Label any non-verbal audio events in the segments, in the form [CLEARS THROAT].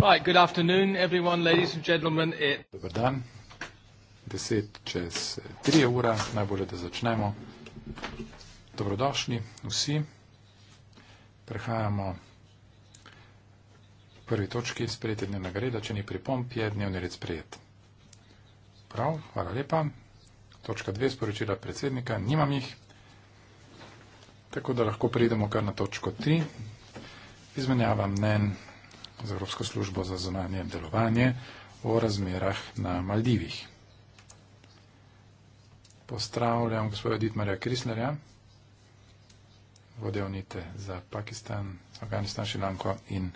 Right. Good afternoon, everyone, ladies and gentlemen. Eh, Dober dan. Deset čez eh, tri ura, najbolje, da začnemo. Dobrodošli vsi. Prehajamo v prvi točki sprejeti dnevnega reda. Če ni pripomp, je dnevni red sprejet. Prav, hvala lepa. Točka dve, sporočila predsednika, nimam jih. Tako da lahko pridemo kar na točko tri. Izmenjava mnen z Evropsko službo za zunanje delovanje o razmerah na Maldivih. Pozdravljam gospoda Ditmarja Krislerja, vodja unite za Pakistan, Afganistan, Šilanko in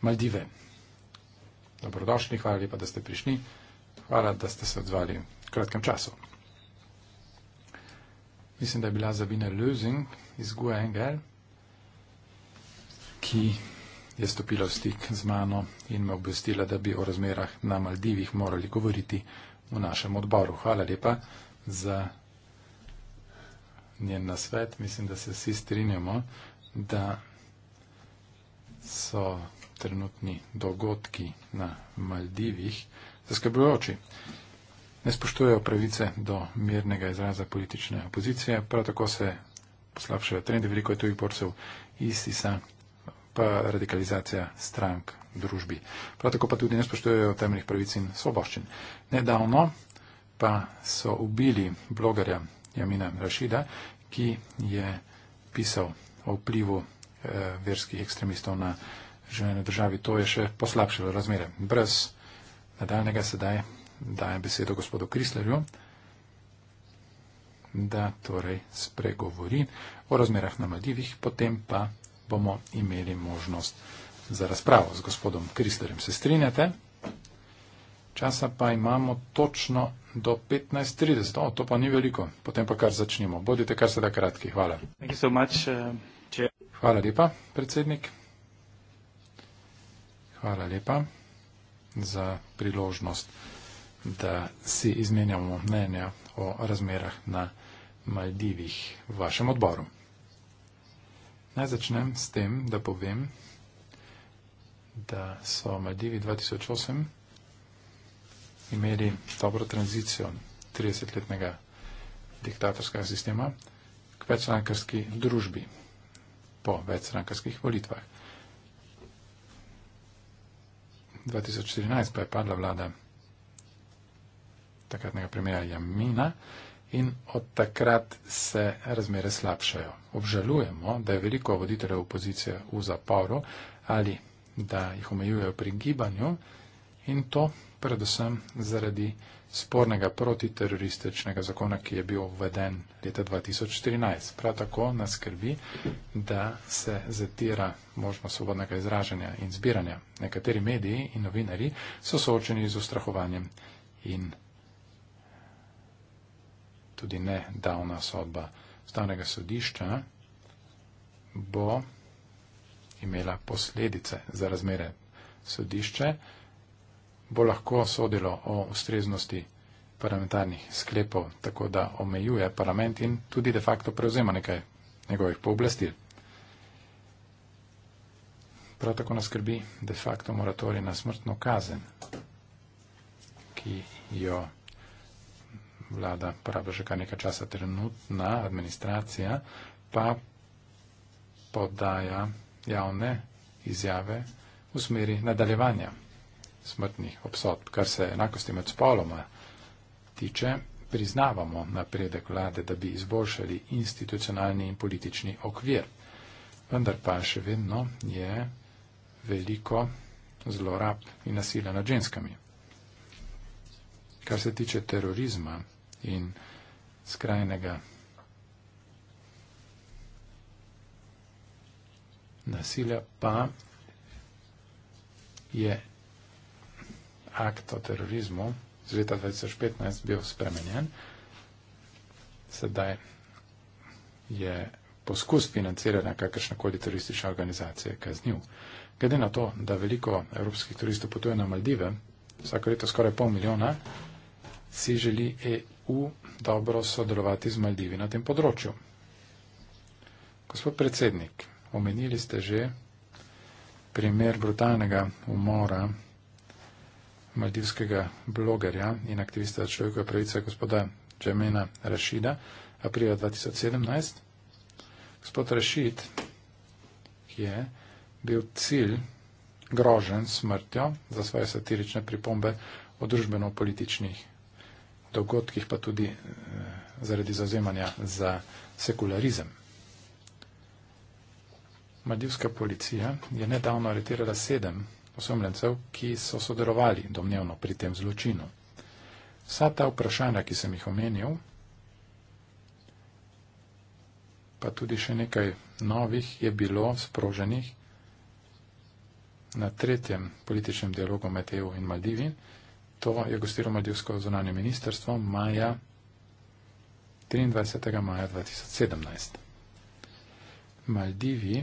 Maldive. Dobrodošli, hvala lepa, da ste prišli. Hvala, da ste se odzvali v kratkem času. Mislim, da je bila Zabina Lösing iz Guengel, ki je stopila v stik z mano in me obvestila, da bi o razmerah na Maldivih morali govoriti v našem odboru. Hvala lepa za njen nasvet. Mislim, da se vsi strinjamo, da so trenutni dogodki na Maldivih zaskrbljujoči. Ne spoštujejo pravice do mirnega izraza politične opozicije, prav tako se poslabšajo trendi, veliko je tujih borcev iz ISIS-a, pa radikalizacija strank v družbi. Prav tako pa tudi ne spoštujejo temeljnih pravic in svoboščin. Nedavno pa so ubili blogerja Jamina Rašida, ki je pisal o vplivu eh, verskih ekstremistov na življenje državi. To je še poslabšalo razmere. Brez nadaljnega sedaj dajem besedo gospodu Krislerju da torej spregovori o razmerah na Maldivih, potem pa bomo imeli možnost za razpravo z gospodom Kristerjem. Se strinjate? Časa pa imamo točno do 15.30. Oh, to pa ni veliko. Potem pa kar začnimo. Bodite kar se da kratki. Hvala. So much, uh, Hvala lepa, predsednik. Hvala lepa za priložnost, da si izmenjamo mnenja o razmerah na Maldivih v vašem odboru. Naj začnem s tem, da povem, da so Maldivi 2008 imeli dobro tranzicijo 30-letnega diktatorskega sistema k večstrankarski družbi po večstrankarskih volitvah. 2014 pa je padla vlada takratnega premija Jamina in od takrat se razmere slabšajo. Obžalujemo, da je veliko voditeljev opozicije v zaporu ali da jih omejujejo pri gibanju in to predvsem zaradi spornega protiterorističnega zakona, ki je bil uveden leta 2014. Prav tako nas skrbi, da se zatira možnost svobodnega izražanja in zbiranja. Nekateri mediji in novinari so soočeni z ustrahovanjem in tudi ne davna sodba stanega sodišča, bo imela posledice za razmere sodišče, bo lahko sodilo o ustreznosti parlamentarnih sklepov, tako da omejuje parlament in tudi de facto prevzema nekaj njegovih pooblastil. Prav tako nas skrbi de facto moratorij na smrtno kazen, ki jo vlada pravi že kar nekaj časa trenutna administracija, pa podaja javne izjave v smeri nadaljevanja smrtnih obsodb. Kar se enakosti med spoloma tiče, priznavamo napredek vlade, da bi izboljšali institucionalni in politični okvir. Vendar pa še vedno je veliko zlorab in nasilja nad ženskami. Kar se tiče terorizma, in skrajnega nasilja, pa je akt o terorizmu z leta 2015 bil spremenjen. Sedaj je poskus financiranja kakršnekoli turistične organizacije kaznil. Glede na to, da veliko evropskih turistov potuje na Maldive, vsako leto skoraj pol milijona, si želi EU dobro sodelovati z Maldivi na tem področju. Gospod predsednik, omenili ste že primer brutalnega umora maldivskega blogerja in aktivista za človekove pravice gospoda Džemena Rašida aprila 2017. Gospod Rašid, ki je bil cilj grožen smrtjo za svoje satirične pripombe o družbeno-političnih dogodkih, pa tudi eh, zaradi zauzemanja za sekularizem. Maldivska policija je nedavno aretirala sedem osumljencev, ki so sodelovali domnevno pri tem zločinu. Vsa ta vprašanja, ki sem jih omenil, pa tudi še nekaj novih, je bilo sproženih na tretjem političnem dialogu med EU in Maldivijo. To je gostilo Maldivsko zunanje ministrstvo maja 23. maja 2017. Maldivi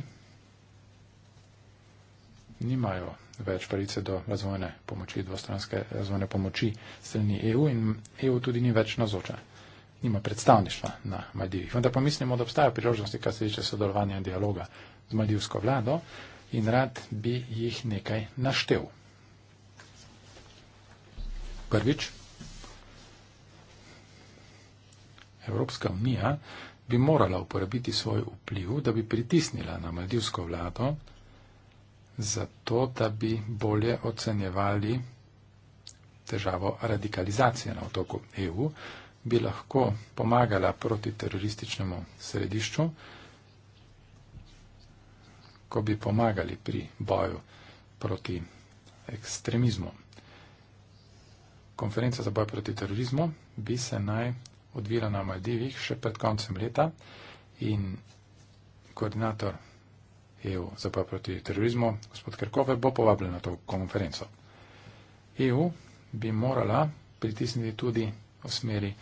nimajo več pravice do razvojne pomoči, dvostranske razvojne pomoči strani EU in EU tudi ni več nazoča. Nima predstavništva na Maldivih. Vendar pa mislimo, da obstajajo priložnosti, kar se tiče sodelovanja in dialoga z maldivsko vlado in rad bi jih nekaj naštel. Prvič, Evropska unija bi morala uporabiti svoj vpliv, da bi pritisnila na maldivsko vlado, zato da bi bolje ocenjevali težavo radikalizacije na otoku EU, bi lahko pomagala proti terorističnemu središču, ko bi pomagali pri boju proti ekstremizmu konferenca za boj proti terorizmu bi se naj odvila na Maldivih še pred koncem leta in koordinator EU za boj proti terorizmu, gospod Krkove, bo povabljen na to konferenco. EU bi morala pritisniti tudi v smeri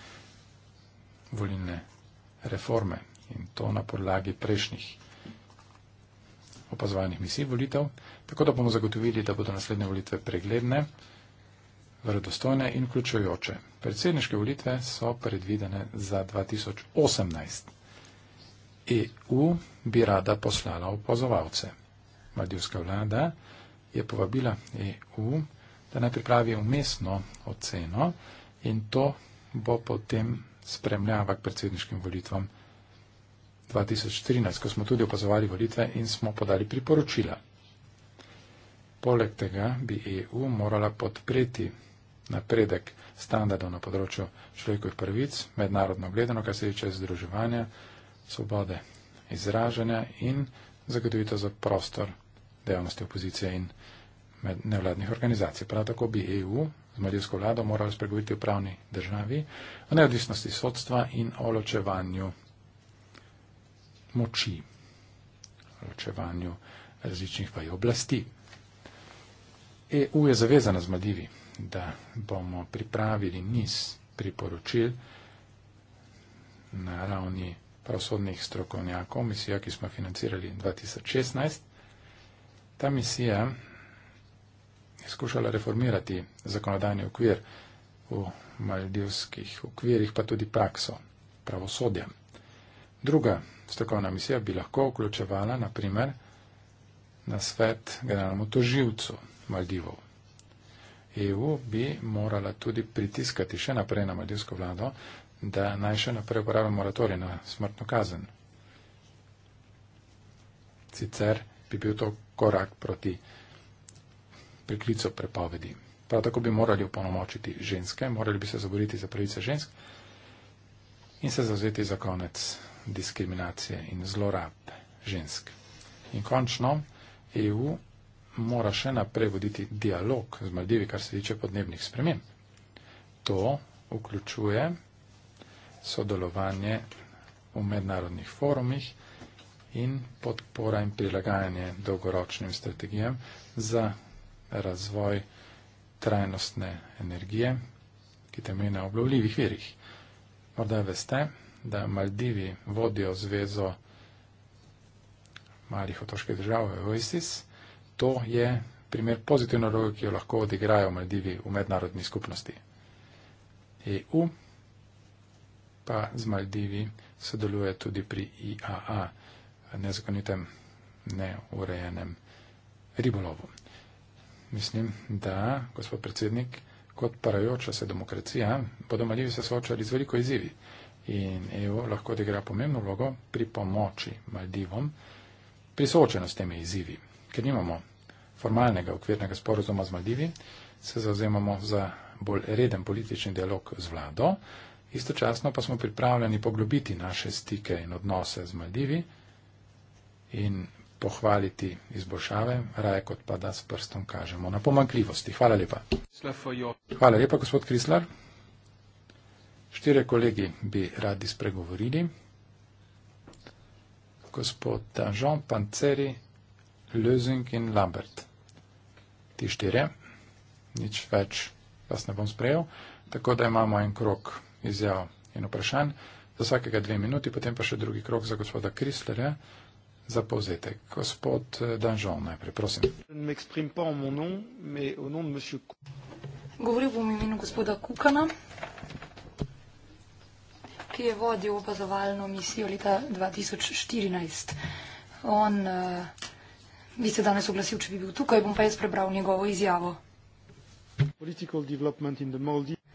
volilne reforme in to na podlagi prejšnjih opazovanih misij volitev, tako da bomo zagotovili, da bodo naslednje volitve pregledne verodostojne in vključujoče. Predsedniške volitve so predvidene za 2018. EU bi rada poslala opozovalce. Madijska vlada je povabila EU, da naj pripravi umestno oceno in to bo potem spremljava k predsedniškim volitvam 2013, ko smo tudi opazovali volitve in smo podali priporočila. Poleg tega bi EU morala podpreti napredek standardov na področju človekovih prvic, mednarodno gledano, kar se tiče združevanja, svobode izražanja in zagotovitev za prostor dejavnosti opozicije in nevladnih organizacij. Prav tako bi EU z maljivsko vlado morali spregovoriti v pravni državi, o neodvisnosti sodstva in o ločevanju moči, ločevanju različnih vaj oblasti. EU je zavezana z mladivi da bomo pripravili niz priporočil na ravni pravosodnih strokovnjakov, misijo, ki smo financirali 2016. Ta misija je skušala reformirati zakonodajni okvir v maldivskih okvirih, pa tudi prakso pravosodja. Druga strokovna misija bi lahko vključevala, naprimer, na svet generalnemu toživcu Maldivov. EU bi morala tudi pritiskati še naprej na maldivsko vlado, da naj še naprej uporablja moratorij na smrtno kazen. Sicer bi bil to korak proti priklicu prepovedi. Prav tako bi morali upolnomočiti ženske, morali bi se zaboriti za pravice žensk in se zavzeti za konec diskriminacije in zlorab žensk. In končno, EU mora še naprej voditi dialog z Maldivi, kar se tiče podnebnih sprememb. To vključuje sodelovanje v mednarodnih forumih in podpora in prilagajanje dolgoročnim strategijam za razvoj trajnostne energije, ki temelji na obnovljivih virih. Morda veste, da Maldivi vodijo zvezo malih otoških držav v OISIS, to je primer pozitivne vloge, ki jo lahko odigrajo Maldivi v mednarodni skupnosti. EU pa z Maldivi sodeluje tudi pri IAA, nezakonitem neurejenem ribolovu. Mislim, da, gospod predsednik, kot parajoča se demokracija, bodo Maldivi se soočali z veliko izzivi in EU lahko odigra pomembno vlogo pri pomoči Maldivom, pri soočenosti s temi izzivi, ker nimamo formalnega okvirnega sporozuma z Maldivi, se zauzemamo za bolj reden politični dialog z vlado, istočasno pa smo pripravljeni poglobiti naše stike in odnose z Maldivi in pohvaliti izboljšave, raje kot pa da s prstom kažemo na pomankljivosti. Hvala lepa. Hvala lepa, gospod Krislar. Štirje kolegi bi radi spregovorili. Gospod Jean Panceri, Lösing in Lambert ti štirje, nič več vas ne bom sprejel. Tako da imamo en krok izjav in vprašanj za vsakega dve minuti, potem pa še drugi krok za gospoda Krislerja za povzetek. Gospod eh, Danžon najprej, prosim. Govoril bom imenu gospoda Kukana, ki je vodil opazovalno misijo leta 2014. On uh, Bi se danes oglasil, če bi bil tukaj, bom pa jaz prebral njegovo izjavo.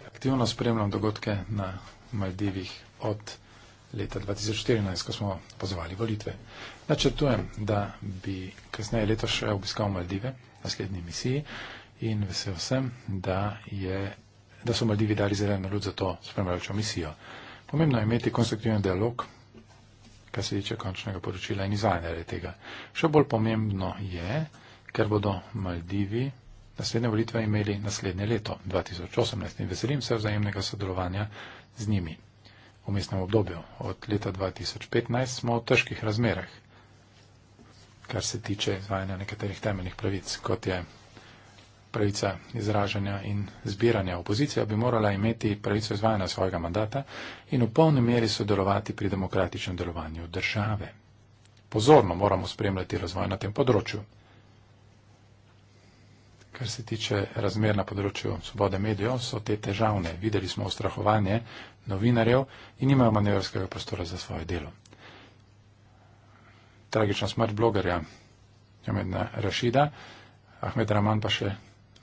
Aktivno spremljam dogodke na Maldivih od leta 2014, ko smo pozvali volitve. Načrtujem, da bi kasneje leto še obiskal Maldive na slednji misiji in vesel sem, da, je, da so Maldivi dali zeleno luč za to spremljajočo misijo. Pomembno je imeti konstruktiven dialog kar se tiče končnega poročila in izvajanja tega. Še bolj pomembno je, ker bodo Maldivi naslednje volitve imeli naslednje leto, 2018, in veselim se vzajemnega sodelovanja z njimi. V mestnem obdobju od leta 2015 smo v težkih razmerah, kar se tiče izvajanja nekaterih temeljnih pravic, kot je pravica izražanja in zbiranja. Opozicija bi morala imeti pravico izvajanja svojega mandata in v polni meri sodelovati pri demokratičnem delovanju države. Pozorno moramo spremljati razvoj na tem področju. Kar se tiče razmer na področju svobode medijev, so te težavne. Videli smo ustrahovanje novinarjev in nimajo manevrskega prostora za svoje delo. Tragična smrt blogerja Jamedna Rašida, Ahmed Raman pa še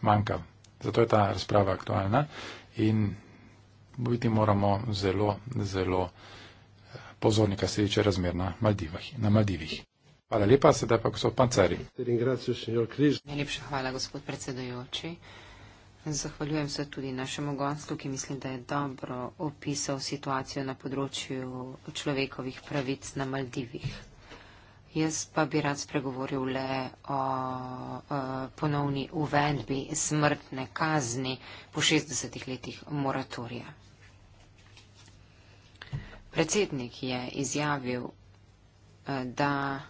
manjka. Zato je ta razprava aktualna in biti moramo zelo, zelo eh, pozorni, kar se tiče razmer na Maldivih. Na Maldivih. Hvala lepa, sedaj pa gospod Pancari. Najlepša hvala, gospod predsedajoči. Zahvaljujem se tudi našemu gostu, ki mislim, da je dobro opisal situacijo na področju človekovih pravic na Maldivih. Jaz pa bi rad spregovoril le o, o e, ponovni uvedbi smrtne kazni po 60 letih moratorija. Predsednik je izjavil, e, da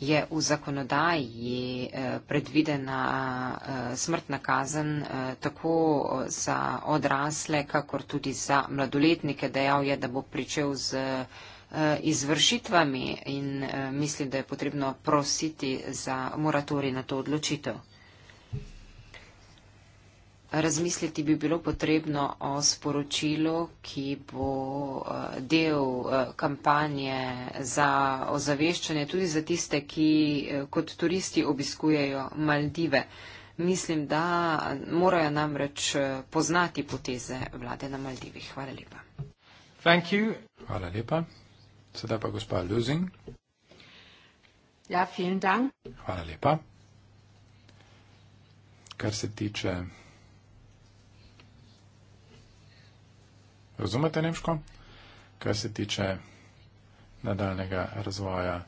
je v zakonodaji e, predvidena smrtna kazen tako za odrasle, kakor tudi za mladoletnike. Dejal je, da bo pričel z Eh, izvršitvami in eh, mislim, da je potrebno prositi za moratori na to odločitev. Razmisliti bi bilo potrebno o sporočilu, ki bo eh, del kampanje za ozaveščanje tudi za tiste, ki kot turisti obiskujejo Maldive. Mislim, da morajo namreč poznati poteze vlade na Maldivih. Hvala lepa. Hvala lepa. Sedaj pa gospa Luzin. Ja, fin dan. Hvala lepa. Kar se tiče. Razumete nemško? Kar se tiče nadaljnega razvoja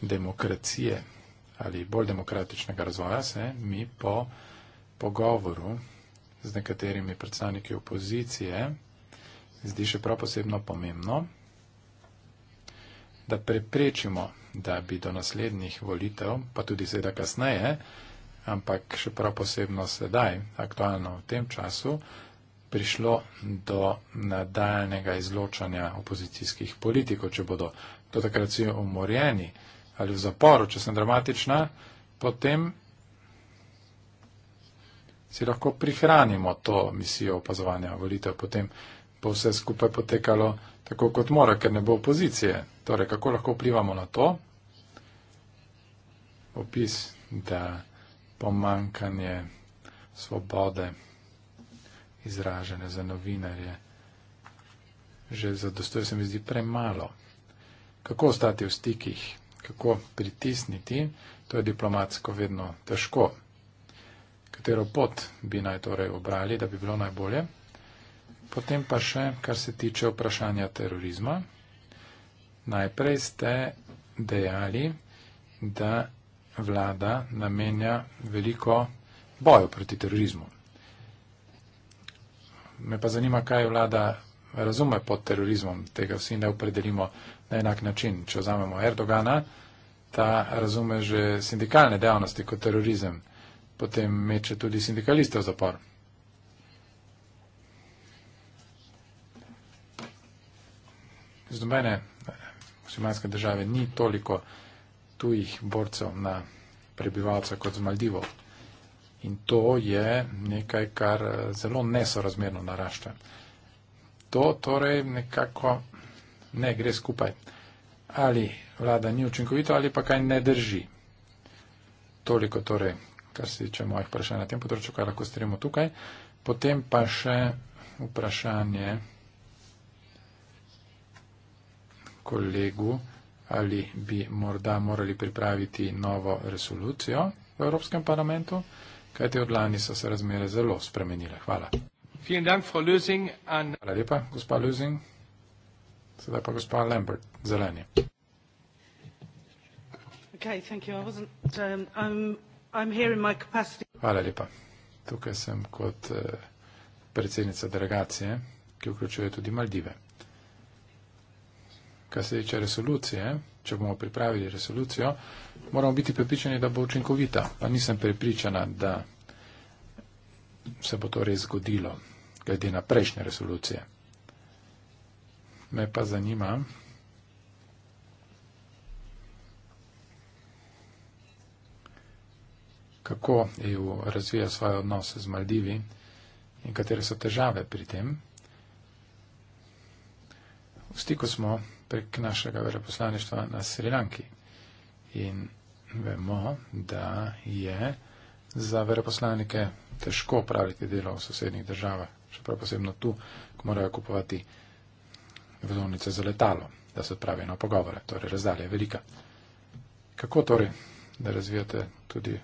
demokracije ali bolj demokratičnega razvoja, se mi po pogovoru z nekaterimi predstavniki opozicije zdi še prav posebno pomembno, da preprečimo, da bi do naslednjih volitev, pa tudi seveda kasneje, ampak še prav posebno sedaj, aktualno v tem času, prišlo do nadaljnega izločanja opozicijskih politikov, če bodo do takrat vsi umorjeni ali v zaporu, če sem dramatična, potem si lahko prihranimo to misijo opazovanja volitev, potem bo vse skupaj potekalo tako kot mora, ker ne bo opozicije. Torej, kako lahko vplivamo na to? Opis, da pomankanje svobode izražene za novinarje že zadostuje, se mi zdi premalo. Kako ostati v stikih, kako pritisniti, to je diplomatsko vedno težko. Katero pot bi naj torej obrali, da bi bilo najbolje? Potem pa še, kar se tiče vprašanja terorizma. Najprej ste dejali, da vlada namenja veliko boju proti terorizmu. Me pa zanima, kaj vlada razume pod terorizmom. Tega vsi ne opredelimo na enak način. Če vzamemo Erdogana, ta razume že sindikalne dejavnosti kot terorizem. Potem meče tudi sindikalistov zapor. iz nobene muslimanske države ni toliko tujih borcev na prebivalca kot z Maldivo. In to je nekaj, kar eh, zelo nesorazmerno narašča. To torej nekako ne gre skupaj. Ali vlada ni učinkovita ali pa kaj ne drži. Toliko torej, kar se tiče mojih vprašanj na tem področju, kaj lahko strimo tukaj. Potem pa še vprašanje. kolegu, ali bi morda morali pripraviti novo resolucijo v Evropskem parlamentu, kajte od lani so se razmere zelo spremenile. Hvala. Dank, Lusing, an... Hvala lepa, gospa Lusing. Sedaj pa gospa Lambert, zeleni. Um, Hvala lepa. Tukaj sem kot eh, predsednica delegacije, ki vključuje tudi Maldive kar se tiče resolucije, če bomo pripravili resolucijo, moramo biti prepričani, da bo učinkovita. Pa nisem prepričana, da se bo to res zgodilo, glede na prejšnje resolucije. Me pa zanima, kako EU razvija svoje odnose z Maldivi in katere so težave pri tem. V stiku smo prek našega veleposlaništva na Srilanki. In vemo, da je za veleposlanike težko opraviti delo v sosednjih državah, še prav posebno tu, ko morajo kupovati vozovnice za letalo, da se odpravijo na pogovore. Torej, razdalja je velika. Kako torej, da razvijate tudi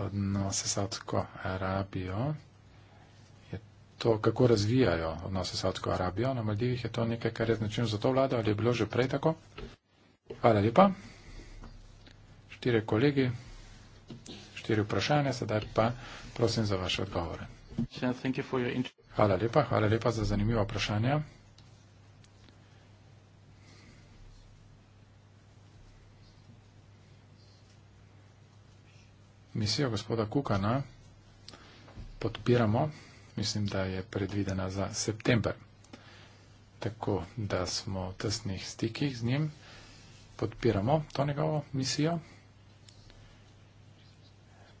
odnose s Saudsko Arabijo? to, kako razvijajo odnose s Saudsko Arabijo. Na Maldivih je to nekaj, kar je značilno za to vlado ali je bilo že prej tako. Hvala lepa. Štiri kolegi, štiri vprašanja, sedaj pa prosim za vaše odgovore. Hvala lepa, hvala lepa za zanimiva vprašanja. Misijo gospoda Kukana podpiramo mislim, da je predvidena za september. Tako da smo v tesnih stikih z njim, podpiramo to njegovo misijo.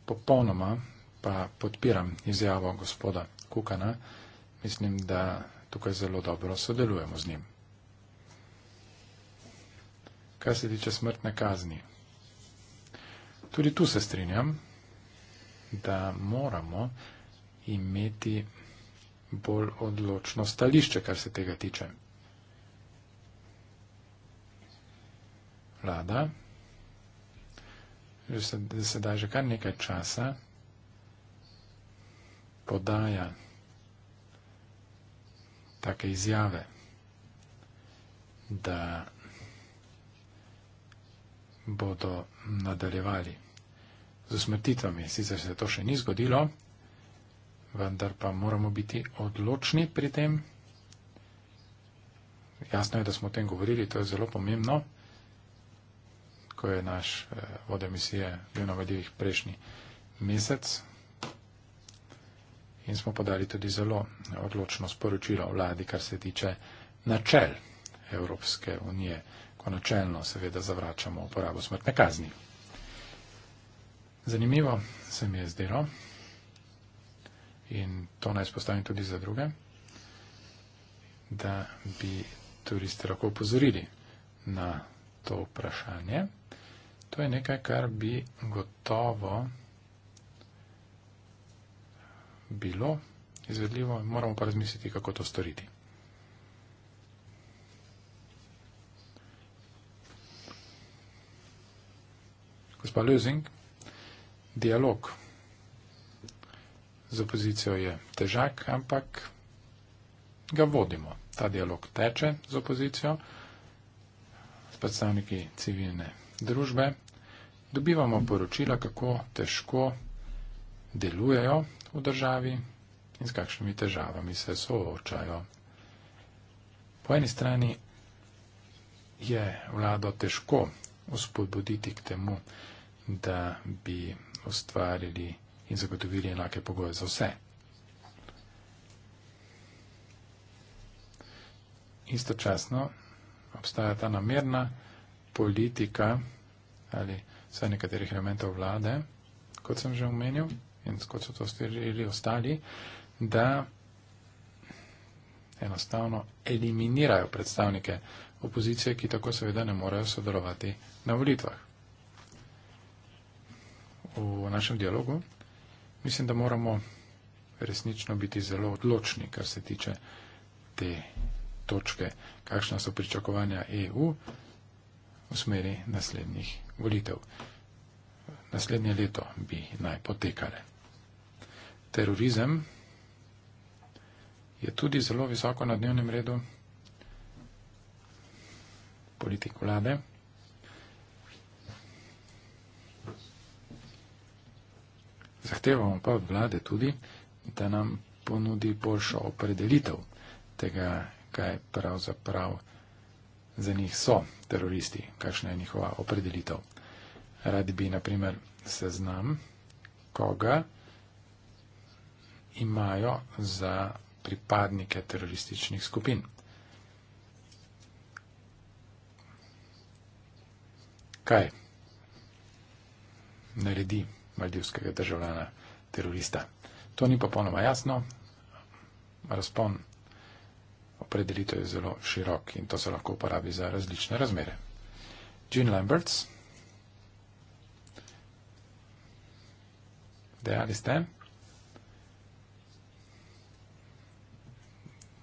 Popolnoma pa podpiram izjavo gospoda Kukana. Mislim, da tukaj zelo dobro sodelujemo z njim. Kaj se tiče smrtne kazni? Tudi tu se strinjam, da moramo imeti bolj odločno stališče, kar se tega tiče. Vlada, že sedaj, sedaj že kar nekaj časa podaja take izjave, da bodo nadaljevali z usmrtitvami. Sicer se to še ni zgodilo, vendar pa moramo biti odločni pri tem. Jasno je, da smo o tem govorili, to je zelo pomembno, ko je naš eh, vod emisije bil na vodilih prejšnji mesec in smo podali tudi zelo odločno sporočilo vladi, kar se tiče načel Evropske unije, ko načelno seveda zavračamo uporabo smrtne kazni. Zanimivo se mi je zdelo in to naj spostavim tudi za druge, da bi turiste lahko upozorili na to vprašanje. To je nekaj, kar bi gotovo bilo izvedljivo, moramo pa razmisliti, kako to storiti. Gospod Ljuzing, dialog z opozicijo je težak, ampak ga vodimo. Ta dialog teče z opozicijo, s predstavniki civilne družbe. Dobivamo poročila, kako težko delujejo v državi in s kakšnimi težavami se soočajo. Po eni strani je vlado težko uspodbuditi k temu, da bi ustvarili in zagotovili enake pogoje za vse. Istočasno obstaja ta namerna politika ali vsaj nekaterih elementov vlade, kot sem že omenil in kot so to stvarili ostali, da enostavno eliminirajo predstavnike opozicije, ki tako seveda ne morejo sodelovati na volitvah. V našem dialogu Mislim, da moramo resnično biti zelo odločni, kar se tiče te točke, kakšna so pričakovanja EU v smeri naslednjih volitev. Naslednje leto bi naj potekale. Terorizem je tudi zelo visoko na dnevnem redu politik vlade. Zahtevamo pa od vlade tudi, da nam ponudi boljšo opredelitev tega, kaj pravzaprav za njih so teroristi, kakšna je njihova opredelitev. Radi bi, naprimer, seznam, koga imajo za pripadnike terorističnih skupin. Kaj naredi? maldivskega državljana terorista. To ni popolnoma jasno. Razpon opredelitev je zelo širok in to se lahko uporabi za različne razmere. Jean Lamberts, dejali ste,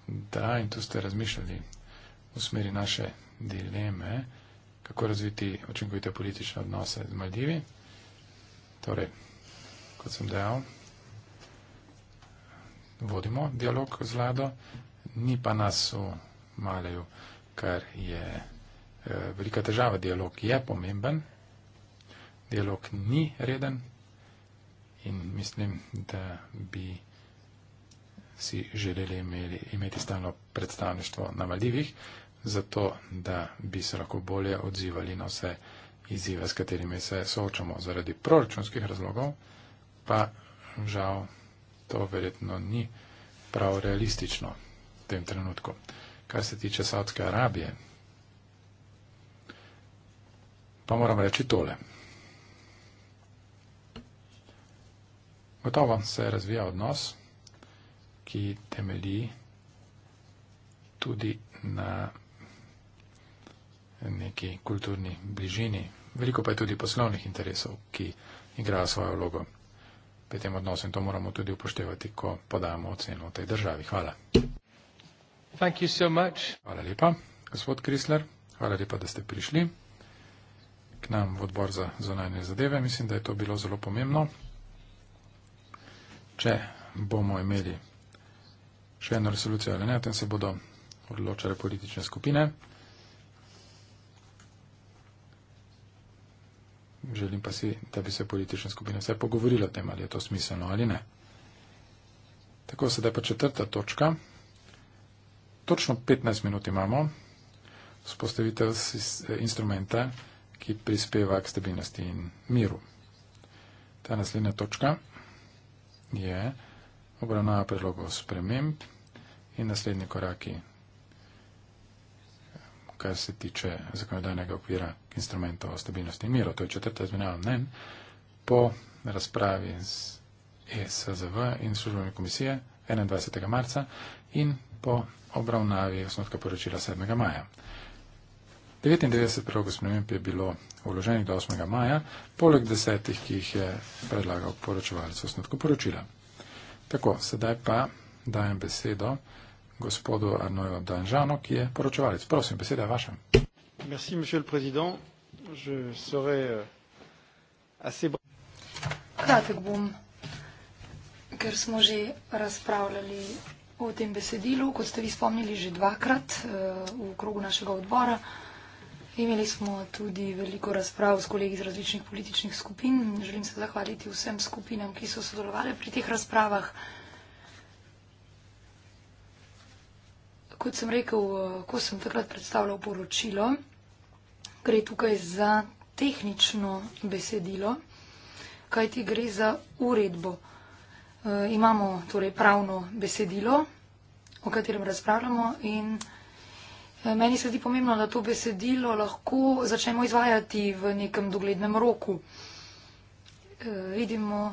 da in tu ste razmišljali v smeri naše dileme, kako razviti očinkovite politične odnose z Maldivi. Torej, kot sem dejal, vodimo dialog z vlado, ni pa nas v Maleju, kar je eh, velika težava. Dialog je pomemben, dialog ni reden in mislim, da bi si želeli imeli, imeti stalno predstavništvo na Maldivih, zato da bi se lahko bolje odzivali na vse izzive, s katerimi se soočamo zaradi proračunskih razlogov, pa žal to verjetno ni prav realistično v tem trenutku. Kar se tiče Saudske Arabije, pa moram reči tole. Gotovo se razvija odnos, ki temelji tudi na neki kulturni bližini veliko pa je tudi poslovnih interesov, ki igrajo svojo vlogo pri tem odnosu in to moramo tudi upoštevati, ko podajamo oceno v tej državi. Hvala. So hvala lepa, gospod Krisler, hvala lepa, da ste prišli k nam v odbor za zonanje zadeve. Mislim, da je to bilo zelo pomembno. Če bomo imeli še eno resolucijo ali ne, o tem se bodo odločale politične skupine. Želim pa si, da bi se politična skupina vse pogovorila o tem, ali je to smiselno ali ne. Tako sedaj pa četrta točka. Točno 15 minut imamo spostavitev instrumenta, ki prispeva k stabilnosti in miru. Ta naslednja točka je obravnava predlogov sprememb in naslednji koraki kar se tiče zakonodajnega okvira instrumentov o stabilnosti in miru. To je četrta izmenjava mnen po razpravi z ESZV in službami komisije 21. marca in po obravnavi osnotka poročila 7. maja. 99 predlogov sprememb je bilo vloženih do 8. maja, poleg desetih, ki jih je predlagal poročevalec osnotku poročila. Tako, sedaj pa dajem besedo gospodu Arnojo Danžano, ki je poročevalec. Prosim, beseda je vaša. Merci, monsieur le président. Je serai euh, assez bon. Kratek bom, ker smo že razpravljali o tem besedilu, kot ste vi spomnili že dvakrat euh, v krogu našega odbora. Imeli smo tudi veliko razprav s kolegi iz različnih političnih skupin. Želim se zahvaliti vsem skupinam, ki so sodelovali pri teh razpravah. kot sem rekel, eh, ko sem takrat predstavljal poročilo, gre tukaj za tehnično besedilo, kaj ti gre za uredbo. E, imamo torej pravno besedilo, o katerem razpravljamo in eh, meni se ti pomembno, da to besedilo lahko začnemo izvajati v nekem doglednem roku. E, vidimo,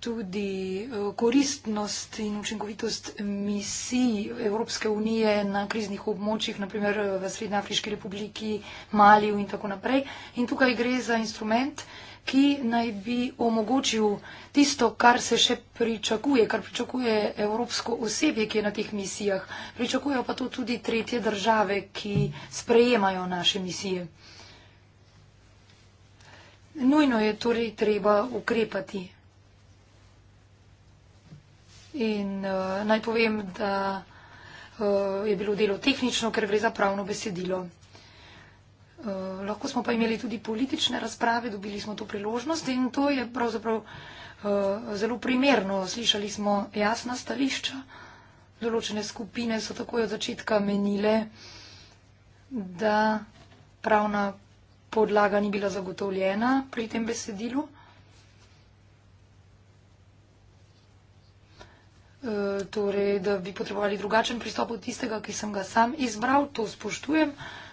tudi eh, koristnost in učinkovitost misij Evropske unije na kriznih območjih, naprimer eh, v Srednje Afriški republiki, Maliju in tako naprej. In tukaj gre za instrument, ki naj bi omogočil tisto, kar se še pričakuje, kar pričakuje evropsko osebje, ki je na teh misijah. Pričakujejo pa to tudi tretje države, ki sprejemajo naše misije. Nujno je torej treba ukrepati. In uh, naj povem, da uh, je bilo delo tehnično, ker gre za pravno besedilo. Uh, lahko smo pa imeli tudi politične razprave, dobili smo to priložnost in to je pravzaprav uh, zelo primerno. Slišali smo jasna stališča, določene skupine so takoj od začetka menile, da pravna podlaga ni bila zagotovljena pri tem besedilu. E, torej, da bi potrebovali drugačen pristop od tistega, ki sem ga sam izbral, to spoštujem.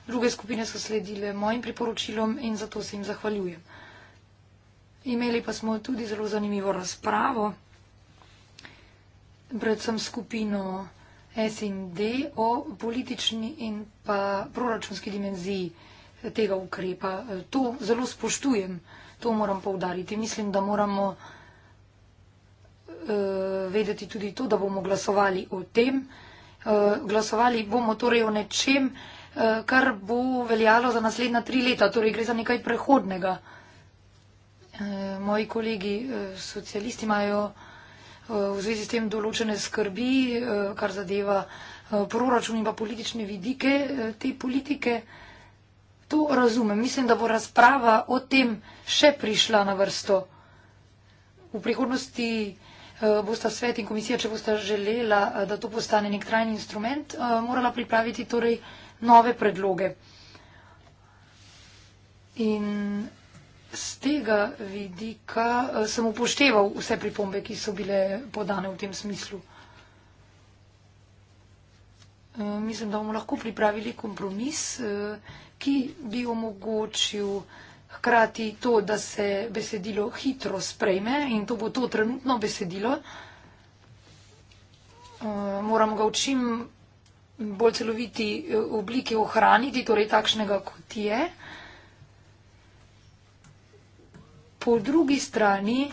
Druge skupine so sledile mojim priporočilom in zato se jim zahvaljujem. Imeli pa smo tudi zelo zanimivo razpravo, predvsem skupino S in D o politični in pa proračunski dimenziji tega ukrepa. E, to zelo spoštujem, to moram povdariti. Mislim, da moramo Eh, vedeti tudi to, da bomo glasovali o tem. Eh, glasovali bomo torej o nečem, eh, kar bo veljalo za naslednja tri leta, torej gre za nekaj prehodnega. Moji kolegi socialisti imajo v zvezi s tem določene skrbi, kar zadeva proračun in pa politične vidike te politike. To razumem. Mislim, da bo razprava o tem še prišla na vrsto. V prihodnosti Eh, bosta svet in komisija, če bosta želela, eh, da to postane nek trajni instrument, eh, morala pripraviti torej nove predloge. In z tega vidika sem upošteval vse pripombe, ki so bile podane v tem smislu. Mislim, da bomo lahko pripravili kompromis, ki bi omogočil hkrati to, da se besedilo hitro sprejme in to bo to trenutno besedilo. Eh, moram ga v čim bolj celoviti eh, obliki ohraniti, torej takšnega, kot je. Po drugi strani,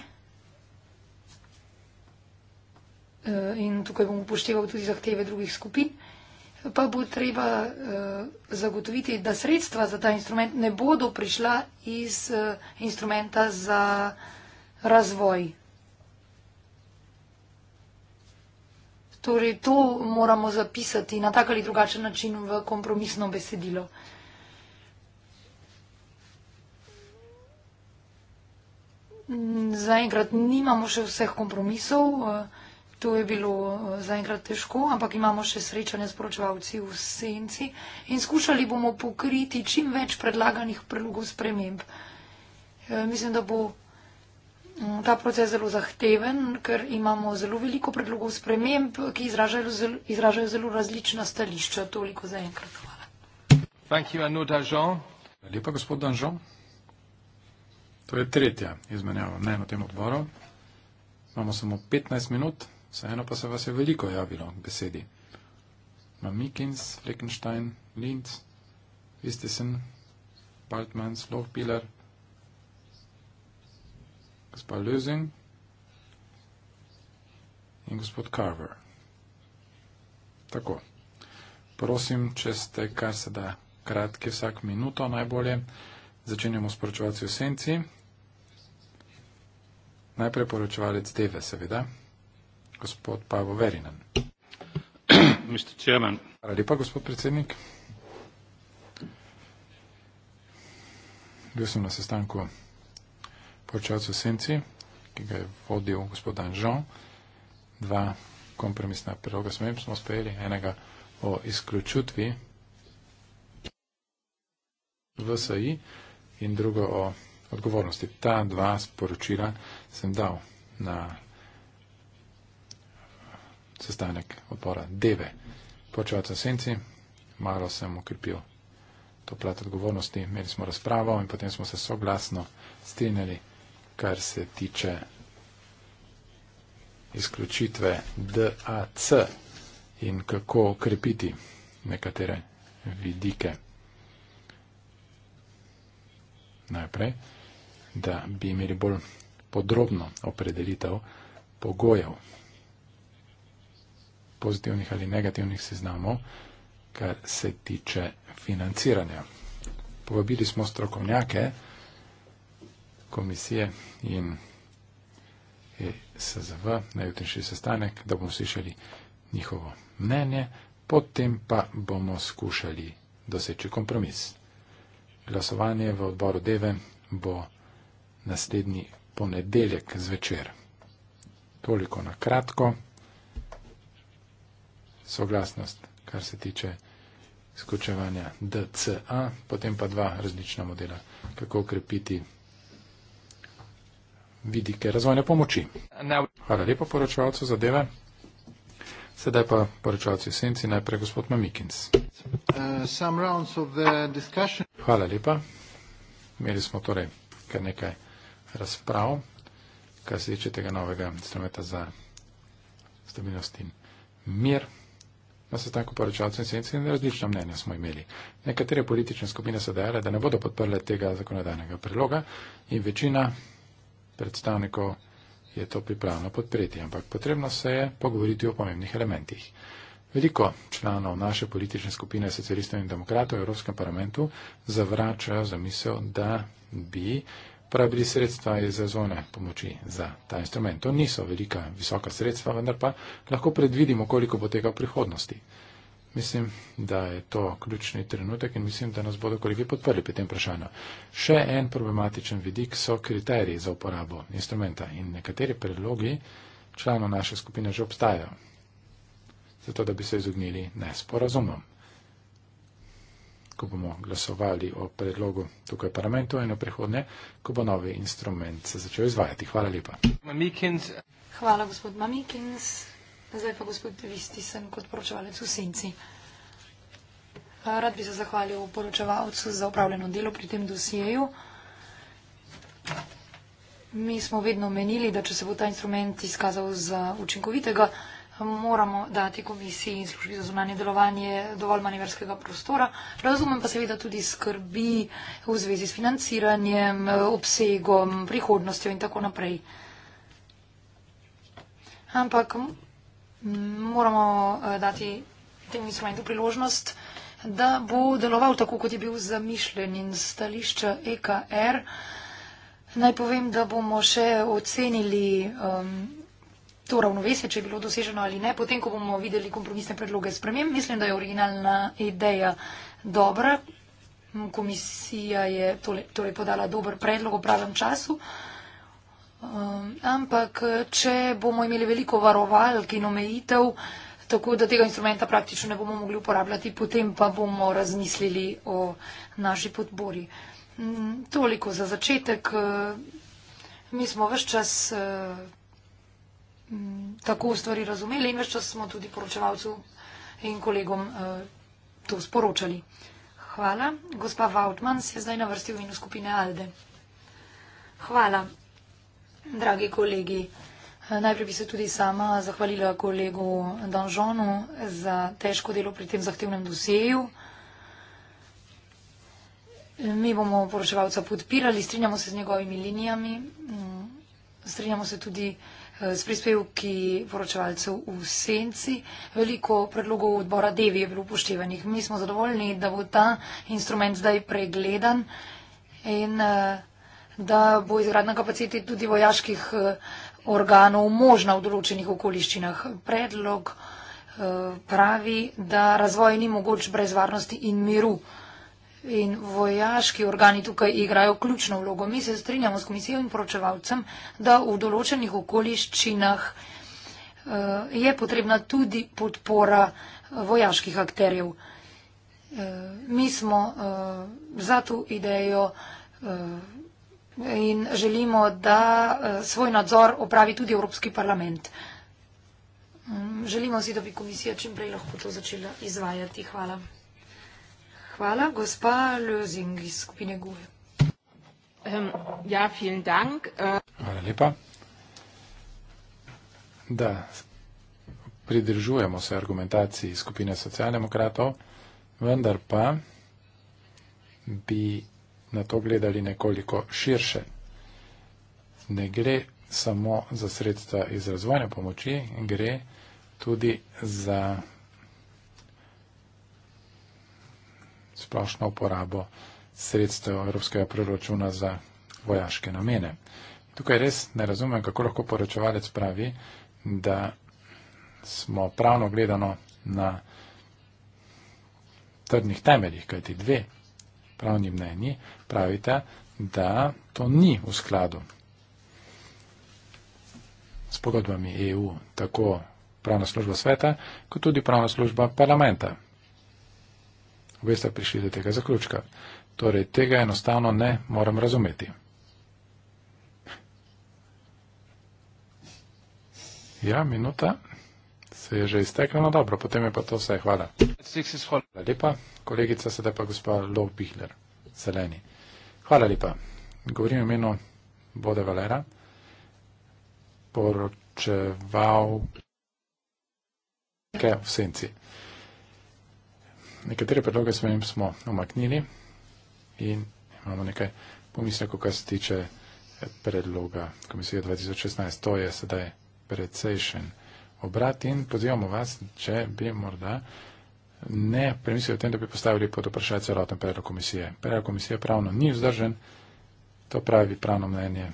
eh, in tukaj bom upošteval tudi zahteve drugih skupin, pa bo treba uh, zagotoviti, da sredstva za ta instrument ne bodo prišla iz uh, instrumenta za razvoj. Torej, to moramo zapisati na tak ali drugačen način v kompromisno besedilo. Zaenkrat nimamo še vseh kompromisov. Uh, To je bilo eh, zaenkrat težko, ampak imamo še srečanje s poročevalci v senci in skušali bomo pokriti čim več predlaganih predlogov sprememb. Eh, mislim, da bo mm, ta proces zelo zahteven, ker imamo zelo veliko predlogov sprememb, ki izražajo zelo, izražajo zelo različna stališča. Toliko zaenkrat. Hvala. Lepa, gospod Danžo. To je tretja izmenjava mnen na tem odboru. Imamo samo 15 minut. Vseeno pa se vas je veliko javilo k besedi. Mamikins, Lichtenstein, Linz, Istisen, Baltmans, Lohpiler, gospod Lösing in gospod Carver. Tako. Prosim, če ste kar se da kratki vsak minuto najbolje, začenjamo s poročevalci v senci. Najprej poročevalec Deve, seveda gospod Pavo Verinan. [CLEARS THROAT] Mr. Chairman. Hvala lepa, gospod predsednik. Bil sem na sestanku počalcu Senci, ki ga je vodil gospod Anžon. Dva kompromisna predloga smem smo sprejeli, enega o izključutvi VSI in drugo o odgovornosti. Ta dva sporočila sem dal na sestanek odbora Deve. Počevalce senci, malo sem ukrepil to plat odgovornosti, imeli smo razpravo in potem smo se soglasno strinjali, kar se tiče izključitve DAC in kako ukrepiti nekatere vidike. Najprej, da bi imeli bolj podrobno opredelitev pogojev pozitivnih ali negativnih seznamov, kar se tiče financiranja. Povabili smo strokovnjake komisije in e SZV na jutrišnji sestanek, da bomo slišali njihovo mnenje, potem pa bomo skušali doseči kompromis. Glasovanje v odboru Deve bo naslednji ponedeljek zvečer. Toliko na kratko soglasnost, kar se tiče skočevanja DCA, potem pa dva različna modela, kako ukrepiti vidike razvojne pomoči. Hvala lepo poročevalcu za deve. Sedaj pa poročevalci v senci, najprej gospod Mamikins. Uh, Hvala lepa. Imeli smo torej kar nekaj razprav, kar se tiče tega novega instrumenta za stabilnost in mir pa so tako poročalci in senci in različna mnenja smo imeli. Nekatere politične skupine so dejale, da ne bodo podprle tega zakonodajnega predloga in večina predstavnikov je to pripravljeno podpreti, ampak potrebno se je pogovoriti o pomembnih elementih. Veliko članov naše politične skupine socialistov in demokratov v Evropskem parlamentu zavračajo zamisel, da bi uporabili sredstva iz zone pomoči za ta instrument. To niso velika, visoka sredstva, vendar pa lahko predvidimo, koliko bo tega v prihodnosti. Mislim, da je to ključni trenutek in mislim, da nas bodo kolegi podprli pri tem vprašanju. Še en problematičen vidik so kriteriji za uporabo instrumenta in nekateri predlogi članov naše skupine že obstajajo, zato da bi se izognili nesporazumom ko bomo glasovali o predlogu tukaj v parlamentu in v prihodnje, ko bo novi instrument se začel izvajati. Hvala lepa. Mamikins. Hvala, gospod Mamikins. Zdaj pa, gospod Visti, sem kot poročevalec v senci. Rad bi se zahvalil poročevalcu za upravljeno delo pri tem dosjeju. Mi smo vedno menili, da če se bo ta instrument izkazal za učinkovitega, moramo dati komisiji in službi za zunanje delovanje dovolj manevrskega prostora. Razumem pa seveda tudi skrbi v zvezi s financiranjem, obsegom, prihodnostjo in tako naprej. Ampak moramo eh, dati temu instrumentu priložnost, da bo deloval tako, kot je bil zamišljen in stališča EKR. Naj povem, da bomo še ocenili um, to ravnovesje, če je bilo doseženo ali ne, potem, ko bomo videli kompromisne predloge sprememb, mislim, da je originalna ideja dobra. Komisija je tole, torej podala dober predlog v pravem času. Um, ampak, če bomo imeli veliko varovalk in omejitev, tako da tega instrumenta praktično ne bomo mogli uporabljati, potem pa bomo razmislili o naši podbori. Um, mm, toliko za začetek. Uh, mi smo vse čas. Uh, tako stvari razumeli in veččas smo tudi poročevalcu in kolegom uh, to sporočali. Hvala. Gospa Vautman se je zdaj na vrsti v imenu skupine Alde. Hvala, dragi kolegi. Eh, najprej bi se tudi sama zahvalila kolegu Danžonu za težko delo pri tem zahtevnem doseju. Mi bomo poročevalca podpirali, strinjamo se z njegovimi linijami, mm, strinjamo se tudi uh, s eh, prispevki poročevalcev v senci. Veliko predlogov odbora Devi je bilo upoštevanih. Mi smo zadovoljni, da bo ta instrument zdaj pregledan in eh, da bo izgradna kapacitet tudi vojaških eh, organov možna v določenih okoliščinah. Predlog pravi, da razvoj ni mogoč brez varnosti in miru. In vojaški organi tukaj igrajo ključno vlogo. Mi se strinjamo s komisijo in poročevalcem, da v določenih okoliščinah eh, je potrebna tudi podpora eh, vojaških akterjev. Eh, mi smo za to idejo in želimo, da svoj nadzor opravi tudi Evropski parlament. Mm, želimo si, da bi komisija čim prej lahko to začela izvajati. Hvala. Hvala. Gospa Lozing iz skupine GUE. Um, ähm, ja, vielen dank. Uh... Hvala lepa. Da, pridržujemo se argumentaciji skupine socialdemokratov, vendar pa bi na to gledali nekoliko širše. Ne gre samo za sredstva iz razvojne pomoči, gre tudi za splošno uporabo sredstev evropskega proračuna za vojaške namene. Tukaj res ne razumem, kako lahko poročevalec pravi, da smo pravno gledano na trdnih temeljih, kajti dve pravni mnenji pravita, da to ni v skladu s pogodbami EU, tako pravna služba sveta, kot tudi pravna služba parlamenta obe sta prišli do tega zaključka. Torej, tega enostavno ne moram razumeti. Ja, minuta se je že iztekla, no dobro, potem je pa to vse, hvala. Hvala lepa, kolegica, sedaj pa gospa Lov Bihler, zeleni. Hvala lepa, govorim o imenu Bode Valera, poročeval v senci nekatere predloge smem smo omaknili in imamo nekaj pomisleko, kar se tiče predloga Komisije 2016. To je sedaj precejšen obrat in pozivamo vas, če bi morda ne premislili o tem, da bi postavili pod vprašaj celoten predlog komisije. Predlog komisije pravno ni vzdržen, to pravi pravno mnenje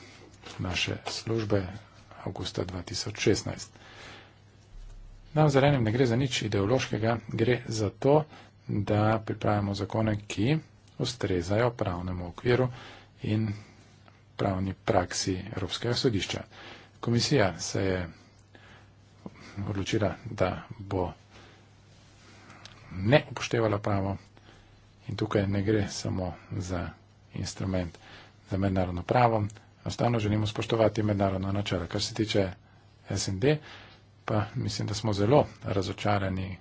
naše službe augusta 2016. Nam zarenem ne gre za nič ideološkega, gre za to, da pripravimo zakone, ki ustrezajo pravnemu okviru in pravni praksi Evropskega sodišča. Komisija se je odločila, da bo ne upoštevala pravo in tukaj ne gre samo za instrument za mednarodno pravo, enostavno želimo spoštovati mednarodno načelo. Kar se tiče SND, pa mislim, da smo zelo razočarani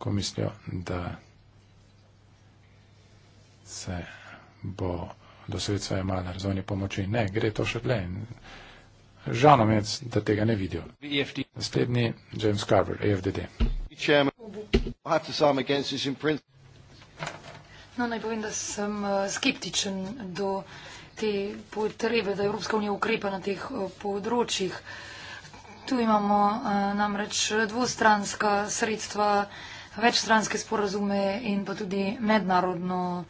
ko mislijo, da se bo dosegel svoje male razvojne pomoči. Ne, gre to še dlje. Žal nam je, da tega ne vidijo. E Naslednji, James Carver, AFDD. E no, naj povem, da sem eh, skeptičen do te potrebe, da Evropska unija ukrepa na teh eh, področjih. Tu imamo eh, namreč dvostranska sredstva večstranske sporazume in pa tudi mednarodno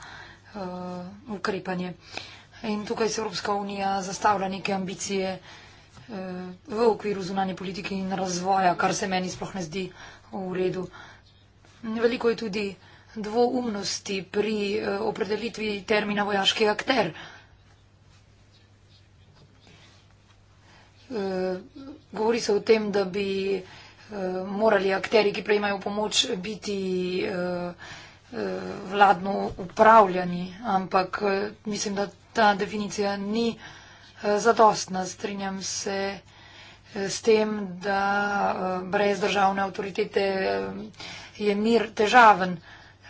uh, ukrepanje. In tukaj se Evropska unija zastavlja neke ambicije uh, v okviru zunanje politike in razvoja, kar se meni sploh ne zdi v redu. Veliko je tudi dvoumnosti pri uh, opredelitvi termina vojaški akter. Uh, govori se o tem, da bi uh, Eh, morali akteri, ki prejmajo pomoč, biti eh, eh, vladno upravljani, ampak mislim, da ta definicija ni zadostna. Strinjam se s tem, da brez državne avtoritete je mir težaven.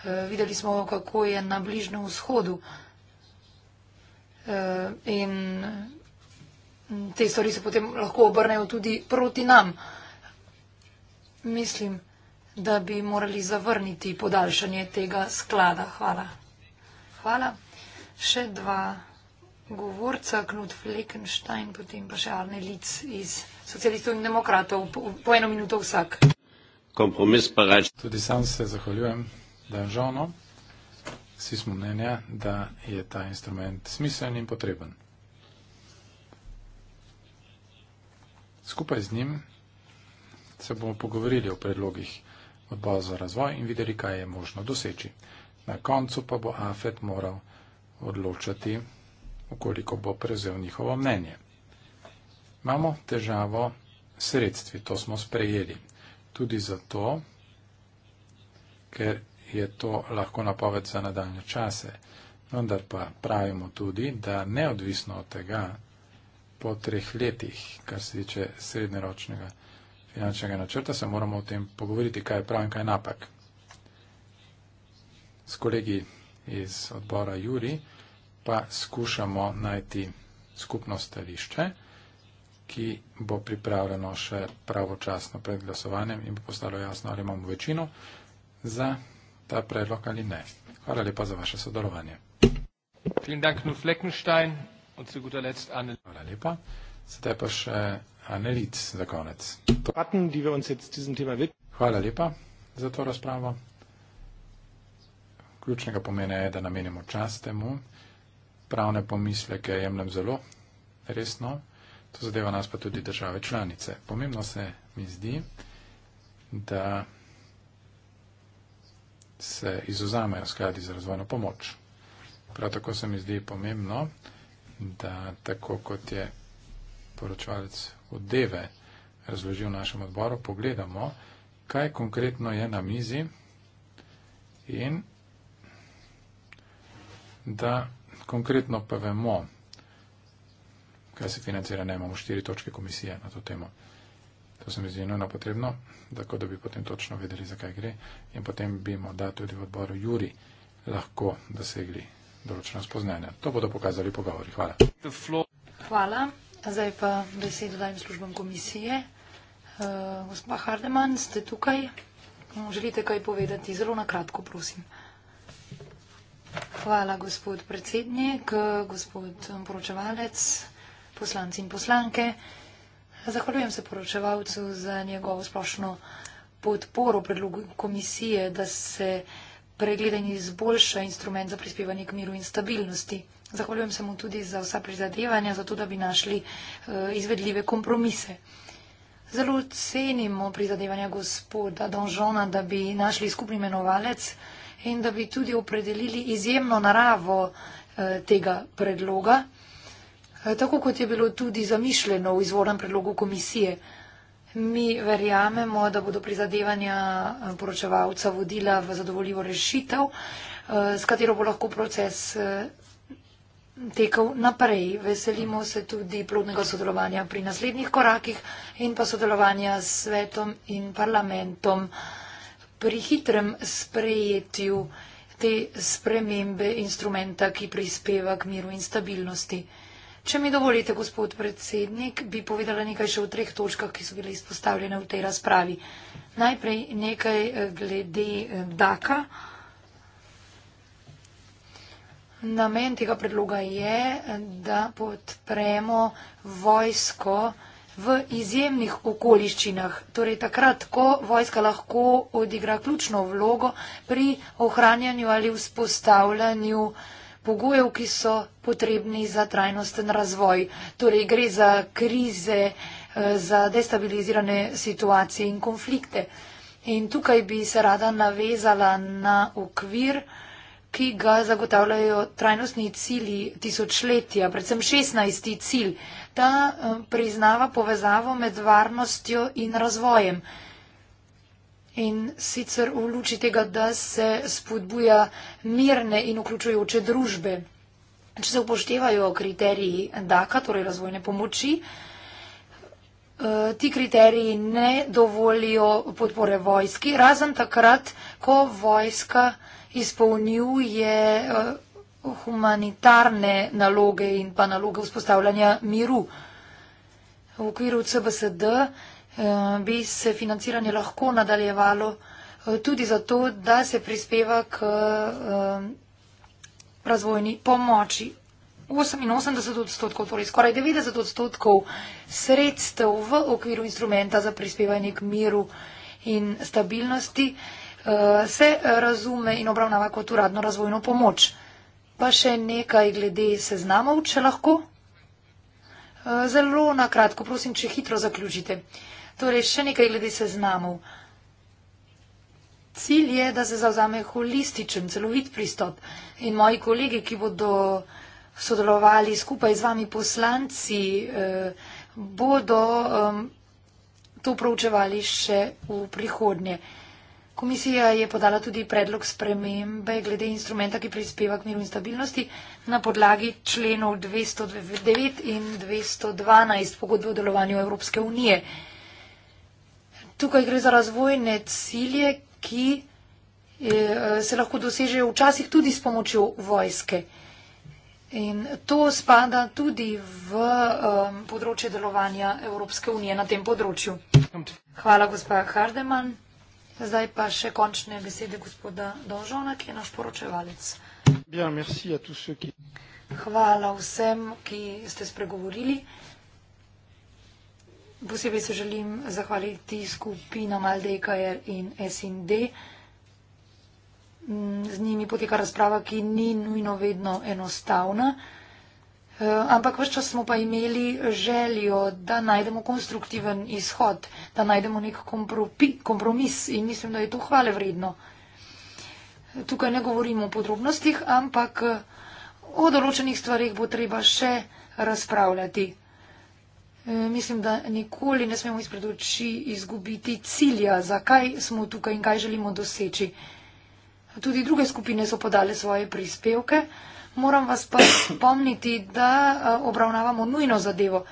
Videli smo, kako je na Bližnem vzhodu in te stvari se potem lahko obrnejo tudi proti nam. Mislim, da bi morali zavrniti podaljšanje tega sklada. Hvala. Hvala. Še dva govorca, Knut Fleckenstein, potem pa še Arne Lic iz socialistov in demokratov. Po, po eno minuto vsak. Kompromis pa reč. Tudi sam se zahvaljujem, da je žalno. Vsi smo mnenja, da je ta instrument smiseln in potreben. Skupaj z njim se bomo pogovorili o predlogih odbora za razvoj in videli, kaj je možno doseči. Na koncu pa bo AFET moral odločati, okoliko bo prevzel njihovo mnenje. Imamo težavo sredstvi, to smo sprejeli. Tudi zato, ker je to lahko napoved za nadaljne čase. Vendar pa pravimo tudi, da neodvisno od tega, po treh letih, kar se tiče srednjeročnega razvoja, finančnega načrta, se moramo o tem pogovoriti, kaj je prav in kaj je napak. S kolegi iz odbora Juri pa skušamo najti skupno stališče, ki bo pripravljeno še pravočasno pred glasovanjem in bo postalo jasno, ali imamo večino za ta predlog ali ne. Hvala lepa za vaše sodelovanje. Hvala lepa. Sedaj pa še Annelied za konec. Hvala lepa za to razpravo. Ključnega pomena je, da namenimo čas temu. Pravne pomisleke jemljem zelo resno. To zadeva nas pa tudi države članice. Pomembno se mi zdi, da se izuzamejo skladi za razvojno pomoč. Prav tako se mi zdi pomembno, da tako kot je poročevalec Odeve razložil v našem odboru, pogledamo, kaj konkretno je na mizi in da konkretno pa vemo, kaj se financira. Ne imamo štiri točke komisije na to temo. To se mi zdi nujno potrebno, tako da bi potem točno vedeli, zakaj gre. In potem bi morda tudi v odboru Juri lahko dosegli določena spoznanja. To bodo pokazali pogovori. Hvala. Hvala. Zdaj pa besedo dajem službam komisije. Eh, gospa Hardeman, ste tukaj? Želite kaj povedati? Zelo na kratko, prosim. Hvala, gospod predsednik, gospod eh, poročevalec, poslanci in poslanke. Zahvaljujem se poročevalcu za njegovo splošno podporo predlogu komisije, da se pregleda in izboljša instrument za prispevanje k miru in stabilnosti. Zahvaljujem se mu tudi za vsa prizadevanja, za to, da bi našli eh, izvedljive kompromise. Zelo cenimo prizadevanja gospoda Donžona, da bi našli skupni imenovalec in da bi tudi opredelili izjemno naravo eh, tega predloga, eh, tako kot je bilo tudi zamišljeno v izvornem predlogu komisije. Mi verjamemo, da bodo prizadevanja poročevalca vodila v zadovoljivo rešitev, s katero bo lahko proces tekel naprej. Veselimo se tudi plodnega sodelovanja pri naslednjih korakih in pa sodelovanja s svetom in parlamentom pri hitrem sprejetju te spremembe instrumenta, ki prispeva k miru in stabilnosti. Če mi dovolite, gospod predsednik, bi povedala nekaj še o treh točkah, ki so bile izpostavljene v tej razpravi. Najprej nekaj eh, glede eh, DAK-a. Namen tega predloga je, da podpremo vojsko v izjemnih okoliščinah, torej takrat, ko vojska lahko odigra ključno vlogo pri ohranjanju ali vzpostavljanju pogojev, ki so potrebni za trajnosten razvoj. Torej gre za krize, eh, za destabilizirane situacije in konflikte. In tukaj bi se rada navezala na okvir, ki ga zagotavljajo trajnostni cilji tisočletja, predvsem 16. cilj. Ta eh, priznava povezavo med varnostjo in razvojem. In sicer v luči tega, da se spodbuja mirne in vključujoče družbe. Če se upoštevajo kriteriji DAKA, torej razvojne pomoči, eh, ti kriteriji ne dovolijo podpore vojski, razen takrat, ko vojska izpolnjuje eh, humanitarne naloge in pa naloge vzpostavljanja miru. V okviru CBSD eh, bi se financiranje lahko nadaljevalo eh, tudi zato, da se prispeva k razvojni pomoči. 88 odstotkov, torej skoraj 90 odstotkov sredstev v okviru instrumenta za prispevanje k miru in stabilnosti. Eh, se razume in obravnava kot uradno razvojno pomoč. Pa še nekaj glede seznamov, če lahko. Eh, zelo na kratko, prosim, če hitro zaključite. Torej, še nekaj glede seznamov. Cilj je, da se zauzame holističen, celovit pristop. In moji kolegi, ki bodo sodelovali skupaj z vami poslanci, eh, bodo ehm, to proučevali še v prihodnje. Komisija je podala tudi predlog spremembe glede instrumenta, ki prispeva k miru in stabilnosti na podlagi členov 209 in 212 pogodbe o delovanju Evropske unije. Tukaj gre za razvojne cilje, ki eh, se lahko dosežejo včasih tudi s pomočjo vojske. In to spada tudi v um, področje delovanja Evropske unije na tem področju. Hvala, gospod Hardeman. Zdaj pa še končne besede gospoda Donžona, ki je naš poročevalec. Hvala vsem, ki ste spregovorili. Posebej se želim zahvaliti skupinam LDKR in SND. Mm, z njimi poteka razprava, ki ni nujno vedno enostavna. Eh, ampak vse čas smo pa imeli željo, da najdemo konstruktiven izhod, da najdemo nek kompromis in mislim, da je to hvale vredno. Tukaj ne govorimo o podrobnostih, ampak eh, o določenih stvarih bo treba še razpravljati. Eh, mislim, da nikoli ne smemo izpred oči izgubiti cilja, zakaj smo tukaj in kaj želimo doseči. Tudi druge skupine so podale svoje prispevke. Moram vas pa spomniti, da eh, obravnavamo nujno zadevo.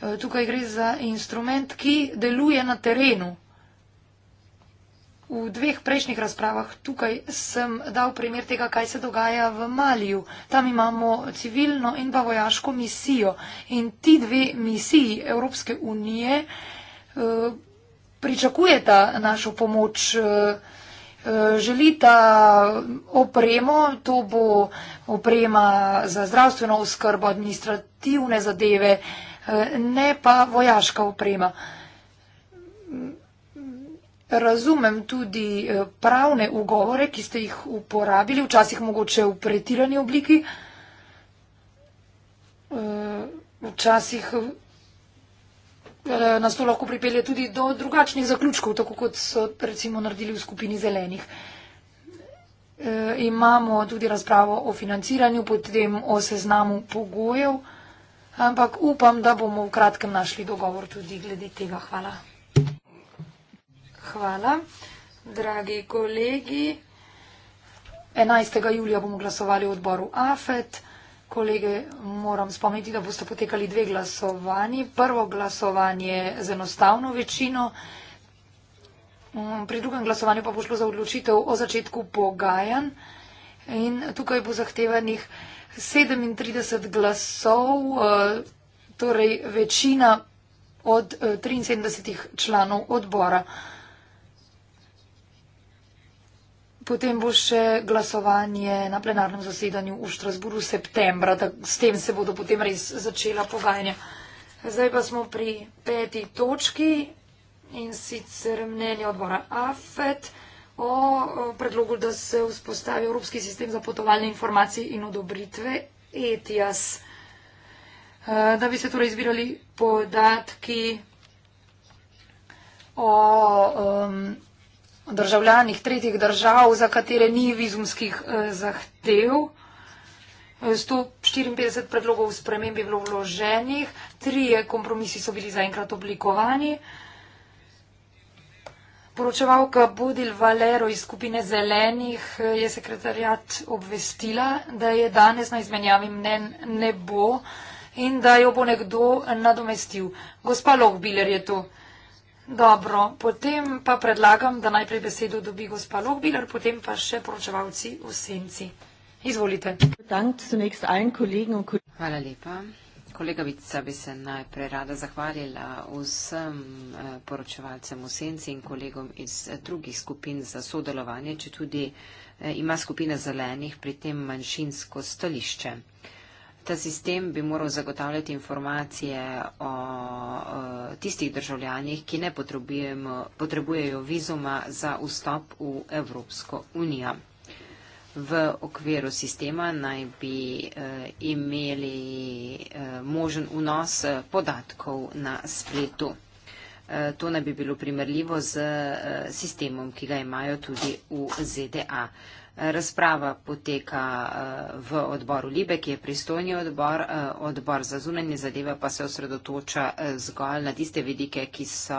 Eh, tukaj gre za instrument, ki deluje na terenu. V dveh prejšnjih razpravah tukaj sem dal primer tega, kaj se dogaja v Maliju. Tam imamo civilno in pa vojaško misijo. In ti dve misiji Evropske unije eh, pričakujeta našo pomoč. Želita opremo, to bo oprema za zdravstveno oskrbo, administrativne zadeve, ne pa vojaška oprema. Razumem tudi eh, pravne ugovore, ki ste jih uporabili, včasih mogoče v pretirani obliki, eh, včasih Eh, nas to lahko pripelje tudi do drugačnih zaključkov, tako kot so recimo naredili v skupini zelenih. E, imamo tudi razpravo o financiranju, potem o seznamu pogojev, ampak upam, da bomo v kratkem našli dogovor tudi glede tega. Hvala. Hvala. Dragi kolegi, 11. julija bomo glasovali v odboru AFET. Kolege, moram spomniti, da boste potekali dve glasovanji. Prvo glasovanje z enostavno večino, mm, pri drugem glasovanju pa bo šlo za odločitev o začetku pogajanj. In tukaj bo zahtevanih 37 glasov, eh, torej večina od 73 eh, članov odbora. Potem bo še glasovanje na plenarnem zasedanju v Štrasburu septembra, tako s tem se bodo potem res začela pogajanja. Zdaj pa smo pri peti točki in sicer mnenje odbora AFET o predlogu, da se vzpostavi Evropski sistem za potovalne informacije in odobritve ETIAS, e, da bi se torej izbirali podatki o. Um, državljanih tretjih držav, za katere ni vizumskih eh, zahtev. 154 eh, predlogov sprememb je bilo vloženih, trije kompromisi so bili zaenkrat oblikovani. Poročevalka Budil Valero iz skupine zelenih eh, je sekretarjat obvestila, da je danes na izmenjavi mnen ne bo in da jo bo nekdo nadomestil. Gospa Lohbiler je tu. Dobro, potem pa predlagam, da najprej besedo dobi gospa Lohbiler, potem pa še poročevalci v senci. Izvolite. Hvala lepa. Kolegavica bi se najprej rada zahvalila vsem eh, poročevalcem v senci in kolegom iz eh, drugih skupin za sodelovanje, če tudi eh, ima skupina zelenih pri tem manjšinsko stališče. Ta sistem bi moral zagotavljati informacije o, o tistih državljanih, ki ne potrebujejo vizuma za vstop v Evropsko unijo. V okviru sistema naj bi e, imeli e, možen vnos eh, podatkov na spletu. E, to naj bi bilo primerljivo z e, sistemom, ki ga imajo tudi v ZDA. E, Razprava poteka eh, v odboru Libe, ki je pristojni odbor, eh, odbor za zunanje zadeve pa se osredotoča eh, zgolj na tiste vidike, ki so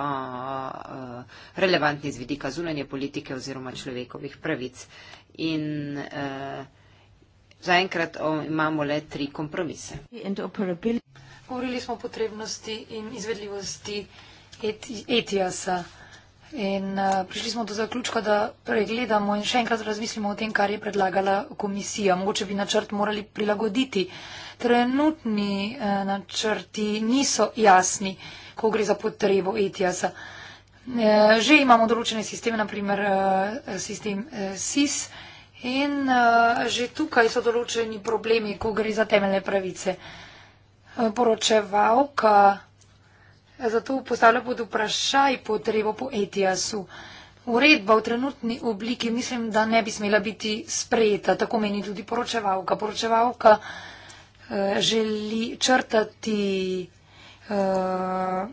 relevantni z vidika zunanje politike oziroma človekovih pravic. In zaenkrat imamo le tri kompromise. Govorili smo o potrebnosti in izvedljivosti ETIAS-a. Eti In uh, prišli smo do zaključka, da pregledamo in še enkrat razmislimo o tem, kar je predlagala komisija. Mogoče bi načrt morali prilagoditi. Trenutni uh, načrti niso jasni, ko gre za potrebo ETIAS-a. Eh, že imamo določene sisteme, naprimer sistem SIS in že tukaj so določeni problemi, ko gre za temeljne pravice. Poročevalka Zato postavlja pod vprašaj potrebo po ETIAS-u. Uredba v trenutni obliki mislim, da ne bi smela biti sprejeta, tako meni tudi poročevalka. Poročevalka eh, želi črtati eh,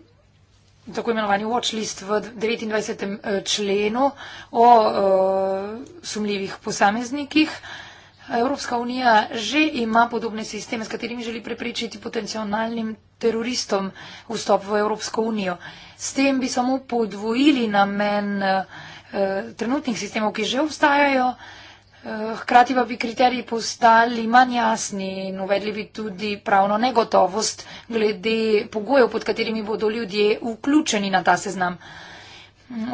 tako imenovani watchlist v 29. Eh, členu o eh, sumljivih posameznikih. Eh, Evropska unija že ima podobne sisteme, s katerimi želi preprečiti potencialnim teroristom vstop v Evropsko unijo. S tem bi samo podvojili namen eh, trenutnih sistemov, ki že obstajajo, eh, hkrati pa bi kriteriji postali manj jasni in uvedli bi tudi pravno negotovost glede pogojev, pod katerimi bodo ljudje vključeni na ta seznam.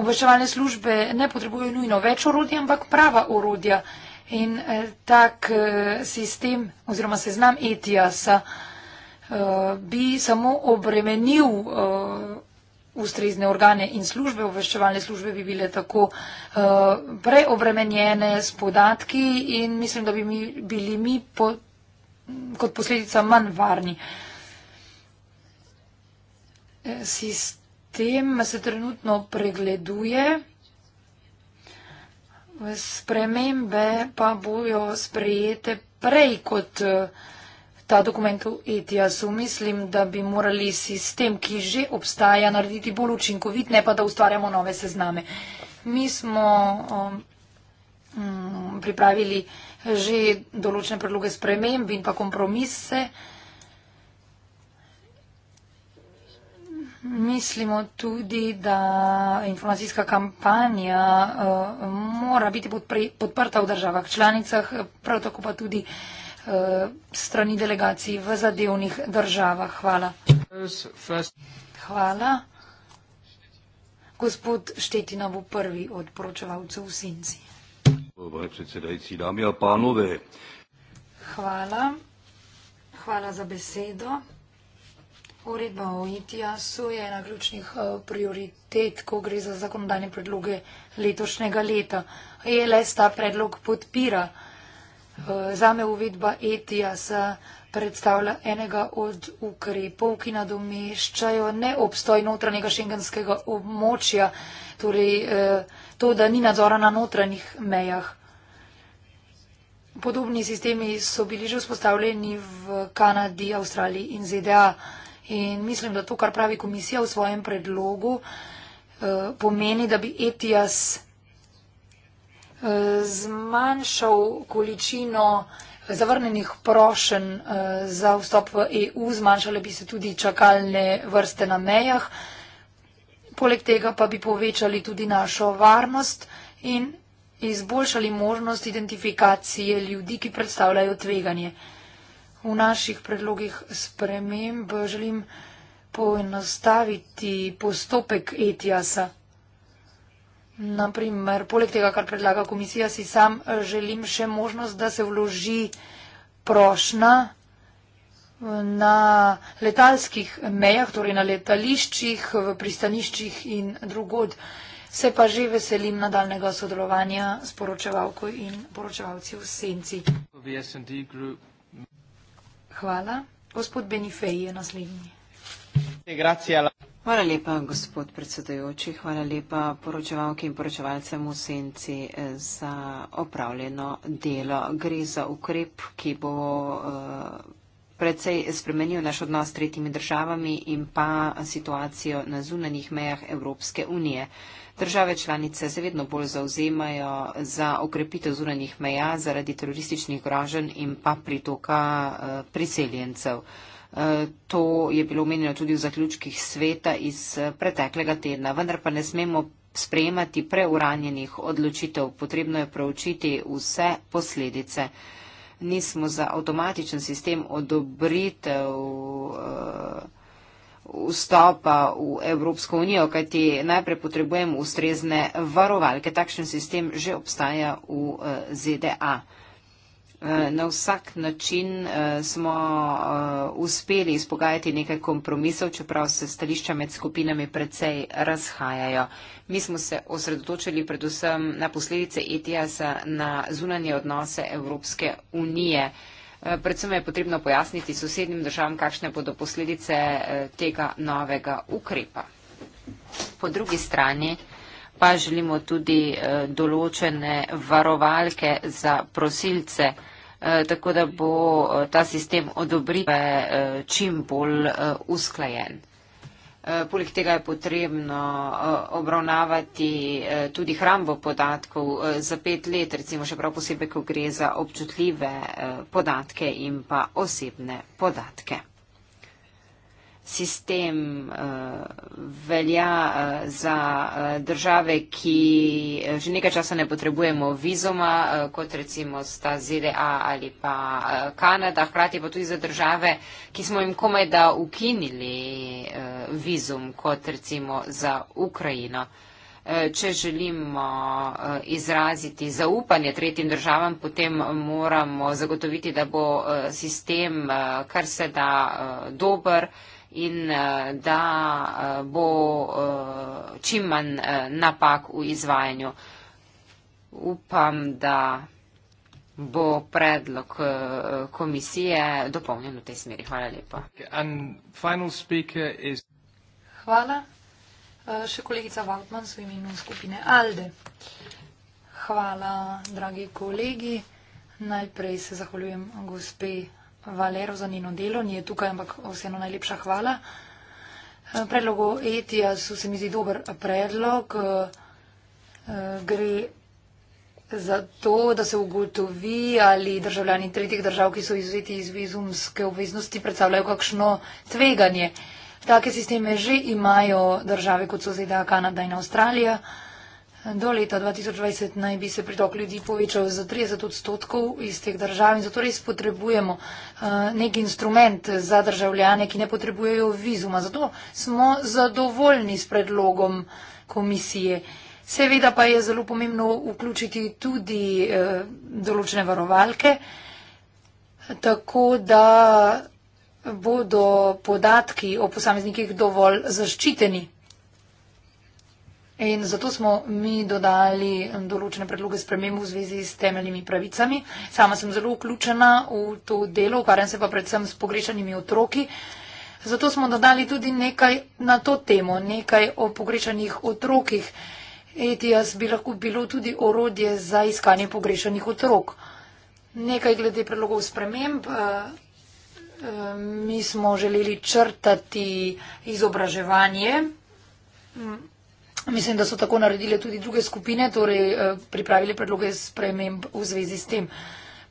Obveščevalne službe ne potrebujejo nujno več orodja, ampak prava orodja. In eh, tak eh, sistem oziroma seznam ETIAS-a eh, bi samo obremenil ustrezne organe in službe, obveščevalne službe bi bile tako preobremenjene s podatki in mislim, da bi bili mi kot posledica manj varni. Sistem se trenutno pregleduje. Spremembe pa bojo sprejete prej kot eh, ta dokument v ETIAS-u. Mislim, da bi morali sistem, ki že obstaja, narediti bolj učinkovit, ne pa da ustvarjamo nove sezname. Mi smo um, mm, pripravili že določene predloge sprememb in pa kompromise. Mislimo tudi, da informacijska kampanja uh, mora biti podpre, podprta v državah članicah, prav tako pa tudi uh, strani delegacij v zadevnih državah. Hvala. Hvala. Gospod Štetina bo prvi od poročevalcev v Sinci. Hvala. Hvala za besedo. Uredba o ITIAS-u je ena ključnih eh, prioritet, ko gre za zakonodajne predloge letošnjega leta. ELS ta predlog podpira. Eh, zame uvedba ETIAS-a predstavlja enega od ukrepov, ki nadomeščajo neobstoj notranjega šengenskega območja, torej eh, to, da ni nadzora na notranjih mejah. Podobni sistemi so bili že vzpostavljeni v Kanadi, Avstraliji in ZDA. In mislim, da to, kar pravi komisija v svojem predlogu, eh, pomeni, da bi ETIAS eh, zmanjšal količino zavrnenih prošen eh, za vstop v EU, zmanjšale bi se tudi čakalne vrste na mejah, poleg tega pa bi povečali tudi našo varnost in izboljšali možnost identifikacije ljudi, ki predstavljajo tveganje v naših predlogih sprememb želim poenostaviti postopek ETIAS-a. Naprimer, poleg tega, kar predlaga komisija, si sam eh, želim še možnost, da se vloži prošna eh, na letalskih mejah, torej na letališčih, v pristaniščih in drugod. Se pa že veselim nadaljnega sodelovanja s poročevalko in poročevalci v Senci. Hvala. Gospod Benifej je naslednji. Hvala lepa, gospod predsedujoči. Hvala lepa poročevalke in poročevalcem v senci eh, za opravljeno delo. Gre za ukrep, ki bo. Uh, predvsej spremenil naš odnos s tretjimi državami in pa situacijo na zunanjih mejah Evropske unije. Države članice se vedno bolj zauzemajo za okrepitev zunanjih meja zaradi terorističnih groženj in pa pritoka eh, priseljencev. Eh, to je bilo omenjeno tudi v zaključkih sveta iz eh, preteklega tedna, vendar pa ne smemo sprejemati preuranjenih odločitev. Potrebno je proučiti vse posledice nismo za avtomatičen sistem odobritev eh, vstopa v Evropsko unijo, kajti najprej potrebujemo ustrezne varovalke. Takšen sistem že obstaja v eh, ZDA. Eh, na vsak način eh, smo eh, uspeli izpogajati nekaj kompromisov, čeprav se stališča med skupinami precej razhajajo. Mi smo se osredotočili predvsem na posledice ETS-a na zunanje odnose Evropske unije. Predvsem je potrebno pojasniti sosednjim državam, kakšne bodo posledice tega novega ukrepa. Po drugi strani pa želimo tudi določene varovalke za prosilce. Eh, tako da bo eh, ta sistem odobritve eh, čim bolj usklajen. Poleg tega je potrebno obravnavati tudi hrambo podatkov za pet let, recimo še prav posebej, ko gre za občutljive podatke in pa osebne podatke sistem uh, velja uh, za uh, države, ki že nekaj časa ne potrebujemo vizoma, uh, kot recimo sta ZDA ali pa uh, Kanada, hkrati pa tudi za države, ki smo jim komaj da ukinili uh, vizum, kot recimo za Ukrajino. Če želimo izraziti zaupanje tretjim državam, potem moramo zagotoviti, da bo sistem kar se da dober, in eh, da eh, bo eh, čim manj napak v izvajanju. Upam, da bo predlog komisije dopolnjen v tej smeri. Hvala lepa. Hvala. Še kolegica Valtman v imenu skupine Alde. Hvala, dragi kolegi. Najprej se zahvaljujem gospe Valero za njeno delo, ni je tukaj, ampak vseeno najlepša hvala. Eh, Predlogo ETIA so se mi zdi dober predlog. Eh, gre za to, da se ugotovi, ali državljani tretjih držav, ki so izuzeti iz vizumske obveznosti, predstavljajo kakšno tveganje. Take sisteme že imajo države, kot so ZDA, Kanada in Avstralija. Do leta 2020 naj bi se pritok ljudi povečal za 30 odstotkov iz teh držav in zato res potrebujemo uh, nek instrument za državljane, ki ne potrebujejo vizuma. Zato smo zadovoljni s predlogom komisije. Seveda pa je zelo pomembno vključiti tudi uh, določene varovalke, tako da bodo podatki o posameznikih dovolj zaščiteni. In zato smo mi dodali določene predloge spremembo v zvezi s temeljnimi pravicami. Sama sem zelo vključena v to delo, ukvarjam se pa predvsem s pogrešanimi otroki. Zato smo dodali tudi nekaj na to temo, nekaj o pogrešanih otrokih. ETS bi lahko bilo tudi orodje za iskanje pogrešanih otrok. Nekaj glede predlogov sprememb. Eh, eh, mi smo želeli črtati izobraževanje. Mislim, da so tako naredile tudi druge skupine, torej eh, pripravili predloge sprememb v zvezi s tem.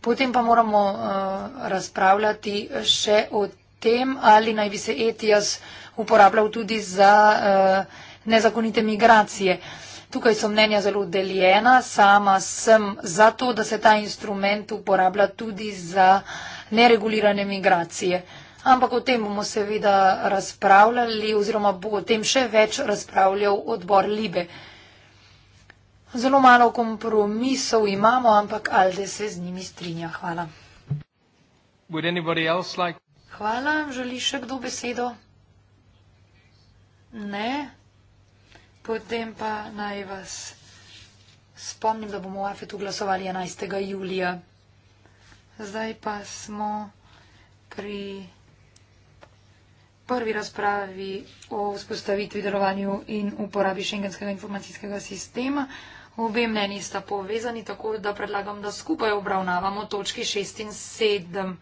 Potem pa moramo eh, razpravljati še o tem, ali naj bi se ETIAS uporabljal tudi za eh, nezakonite migracije. Tukaj so mnenja zelo deljena. Sama sem za to, da se ta instrument uporablja tudi za neregulirane migracije ampak o tem bomo seveda razpravljali oziroma bo o tem še več razpravljal odbor Libe. Zelo malo kompromisov imamo, ampak Alde se z njimi strinja. Hvala. Like... Hvala. Želi še kdo besedo? Ne. Potem pa naj vas spomnim, da bomo v Afetu glasovali 11. julija. Zdaj pa smo pri prvi razpravi o vzpostavitvi delovanju in uporabi šengenskega informacijskega sistema. Obe mneni sta povezani, tako da predlagam, da skupaj obravnavamo točki 6 in 7.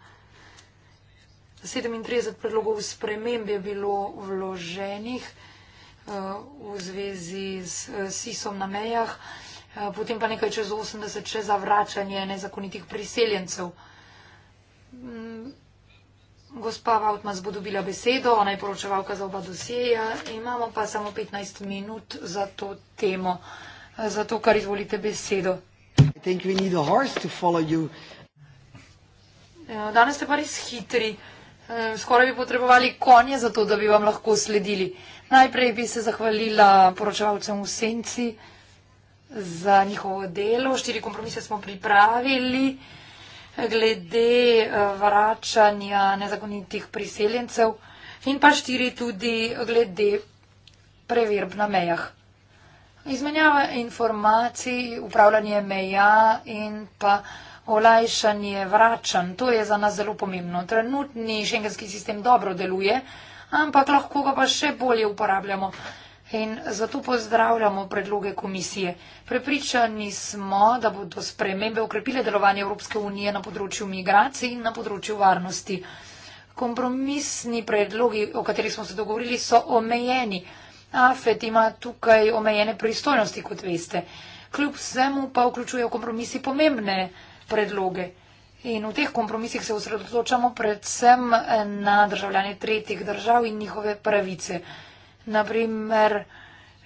37 predlogov sprememb je bilo vloženih eh, v zvezi s eh, SIS-om na mejah, eh, potem pa nekaj čez 80 še za vračanje nezakonitih priseljencev. Mm, Gospa Vautmas bo dobila besedo, ona je poročevalka za oba dosjeja. Imamo pa samo 15 minut za to temo, za to, kar izvolite besedo. Ja, danes ste pa res hitri. Eh, skoraj bi potrebovali konje za to, da bi vam lahko sledili. Najprej bi se zahvalila poročevalcem v senci za njihovo delo. Štiri kompromise smo pripravili glede eh, vračanja nezakonitih priseljencev in pa štiri tudi glede preverb na mejah. Izmenjava informacij, upravljanje meja in pa olajšanje vračanj. To je za nas zelo pomembno. Trenutni šengenski sistem dobro deluje, ampak lahko ga pa še bolje uporabljamo in zato pozdravljamo predloge komisije. Prepričani smo, da bodo spremembe ukrepile delovanje Evropske unije na področju migracij in na področju varnosti. Kompromisni predlogi, o katerih smo se dogovorili, so omejeni. AFET ima tukaj omejene pristojnosti, kot veste. Kljub vsemu pa vključujejo kompromisi pomembne predloge. In v teh kompromisih se osredotočamo predvsem na državljane tretjih držav in njihove pravice naprimer,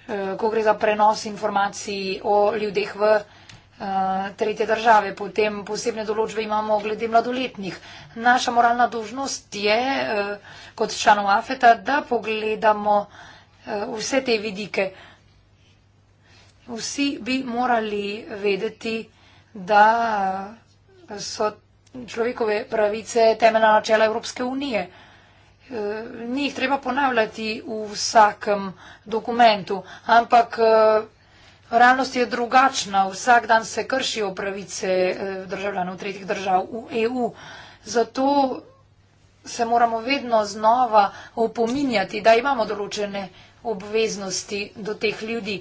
eh, ko gre za prenos informacij o ljudeh v eh, tretje države. Potem posebne določbe imamo glede mladoletnih. Naša moralna dožnost je, eh, kot članov AFETA, da pogledamo vse te vidike. Vsi bi morali vedeti, da so človekove pravice temeljna načela Evropske unije. Eh, ni jih treba ponavljati v vsakem dokumentu, ampak eh, realnost je drugačna. Vsak dan se kršijo pravice eh, državljanov tretjih držav v EU. Zato se moramo vedno znova opominjati, da imamo določene obveznosti do teh ljudi.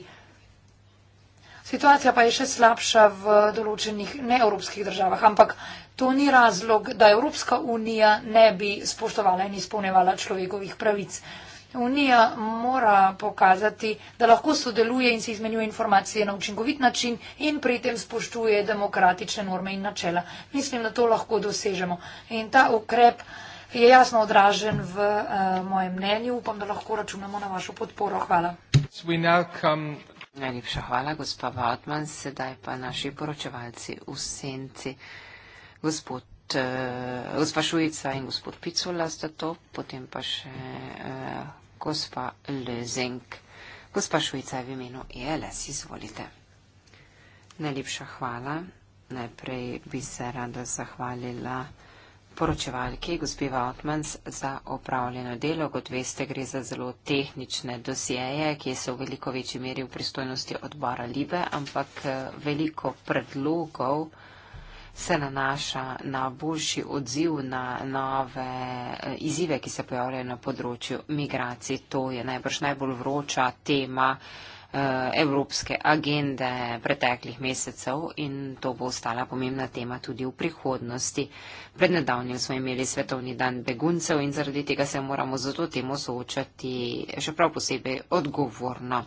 Situacija pa je še slabša v določenih neevropskih državah, ampak To ni razlog, da Evropska unija ne bi spoštovala in izpolnevala človekovih pravic. Unija mora pokazati, da lahko sodeluje in se izmenjuje informacije na učinkovit način in pri tem spoštuje demokratične norme in načela. Mislim, da to lahko dosežemo. In ta ukrep je jasno odražen v uh, mojem mnenju. Upam, da lahko računamo na vašo podporo. Hvala. Najlepša hvala, gospa Vatman. Sedaj pa naši poročevalci v senci gospod eh, gospa Šujica in gospod Picola sta to, potem pa še uh, gospa Lezenk. Gospa Šujica je v imenu ELS, izvolite. Najlepša hvala. Najprej bi se rada zahvalila poročevalki gospe Vautmans za opravljeno delo. Kot veste, gre za zelo tehnične dosjeje, ki so v veliko večji meri v pristojnosti odbora Libe, ampak eh, veliko predlogov, se nanaša na boljši odziv na nove eh, izzive, ki se pojavljajo na področju migracij. To je najbrž najbolj vroča tema eh, evropske agende preteklih mesecev in to bo ostala pomembna tema tudi v prihodnosti. Pred nedavnjem smo imeli svetovni dan beguncev in zaradi tega se moramo z to temo soočati še prav posebej odgovorno.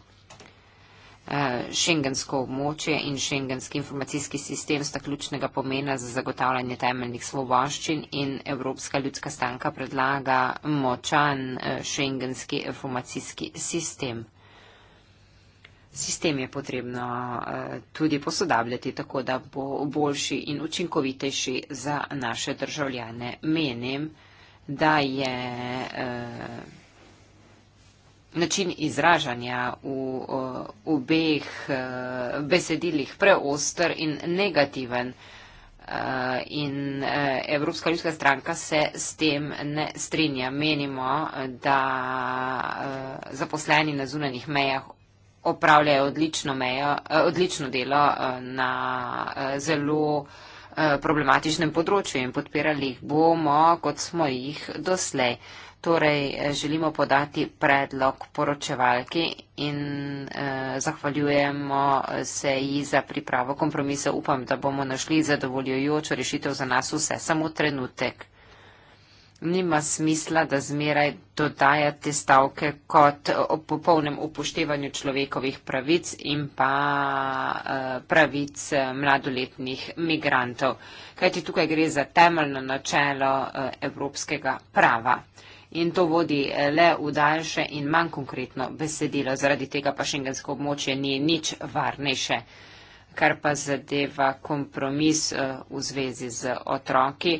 Eh, šengensko območje in šengenski informacijski sistem sta ključnega pomena za zagotavljanje temeljnih svoboščin in Evropska ljudska stranka predlaga močan eh, šengenski informacijski sistem. Sistem je potrebno eh, tudi posodabljati tako, da bo boljši in učinkovitejši za naše državljane. Menim, da je. Uh, način izražanja v obeh e, besedilih preostr in negativen. E, in e, Evropska ljudska stranka se s tem ne strinja. Menimo, da zaposleni na zunanih mejah opravljajo odlično, mejo, odlično delo na zelo problematičnem področju in podpirali jih bomo, kot smo jih doslej torej eh, želimo podati predlog poročevalki in eh, zahvaljujemo eh, se ji za pripravo kompromisa. Upam, da bomo našli zadovoljujočo rešitev za nas vse, samo trenutek. Nima smisla, da zmeraj dodajate stavke kot o popolnem upoštevanju človekovih pravic in pa eh, pravic mladoletnih migrantov. Kajti tukaj gre za temeljno načelo evropskega prava in to vodi eh, le v daljše in manj konkretno besedilo. Zaradi tega pa šengensko območje ni nič varnejše, kar pa zadeva kompromis eh, v zvezi z otroki.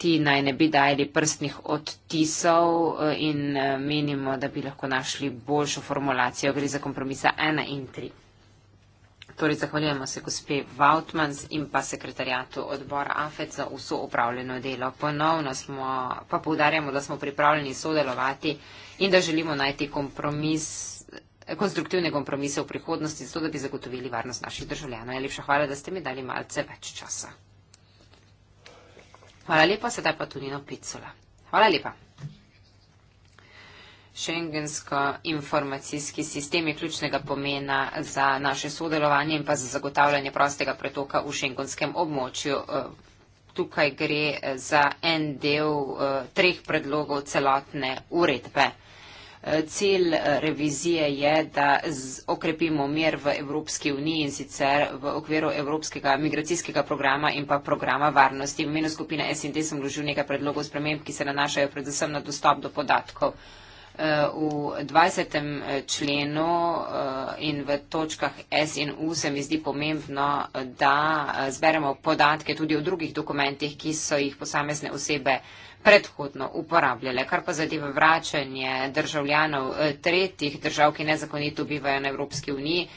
Ti naj ne bi dajali prstnih odtisov eh, in menimo, da bi lahko našli boljšo formulacijo. Gre za kompromisa 1 in 3. Torej, zahvaljujemo se gospe Vautmans in pa sekretarjatu odbora AFED za vso upravljeno delo. Ponovno smo, pa povdarjamo, da smo pripravljeni sodelovati in da želimo najti kompromis, konstruktivne kompromise v prihodnosti, zato da bi zagotovili varnost naših državljanov. Najlepša hvala, da ste mi dali malce več časa. Hvala lepa, sedaj pa tudi na picula. Hvala lepa. Schengensko informacijski sistem je ključnega pomena za naše sodelovanje in pa za zagotavljanje prostega pretoka v šengonskem območju. E, tukaj gre e, za en del e, treh predlogov celotne uredbe. Cilj revizije je, da okrepimo mer v Evropski uniji in sicer v okviru Evropskega migracijskega programa in pa programa varnosti. V imenu skupine SND sem vložil nekaj predlogov sprememb, ki se nanašajo predvsem na dostop do podatkov v 20. Eh, členu eh, in v točkah S in U se mi zdi pomembno, da eh, zberemo podatke tudi o drugih dokumentih, ki so jih posamezne osebe predhodno uporabljale. Kar pa zadeva vračanje državljanov tretjih držav, ki nezakonito bivajo na Evropski uniji,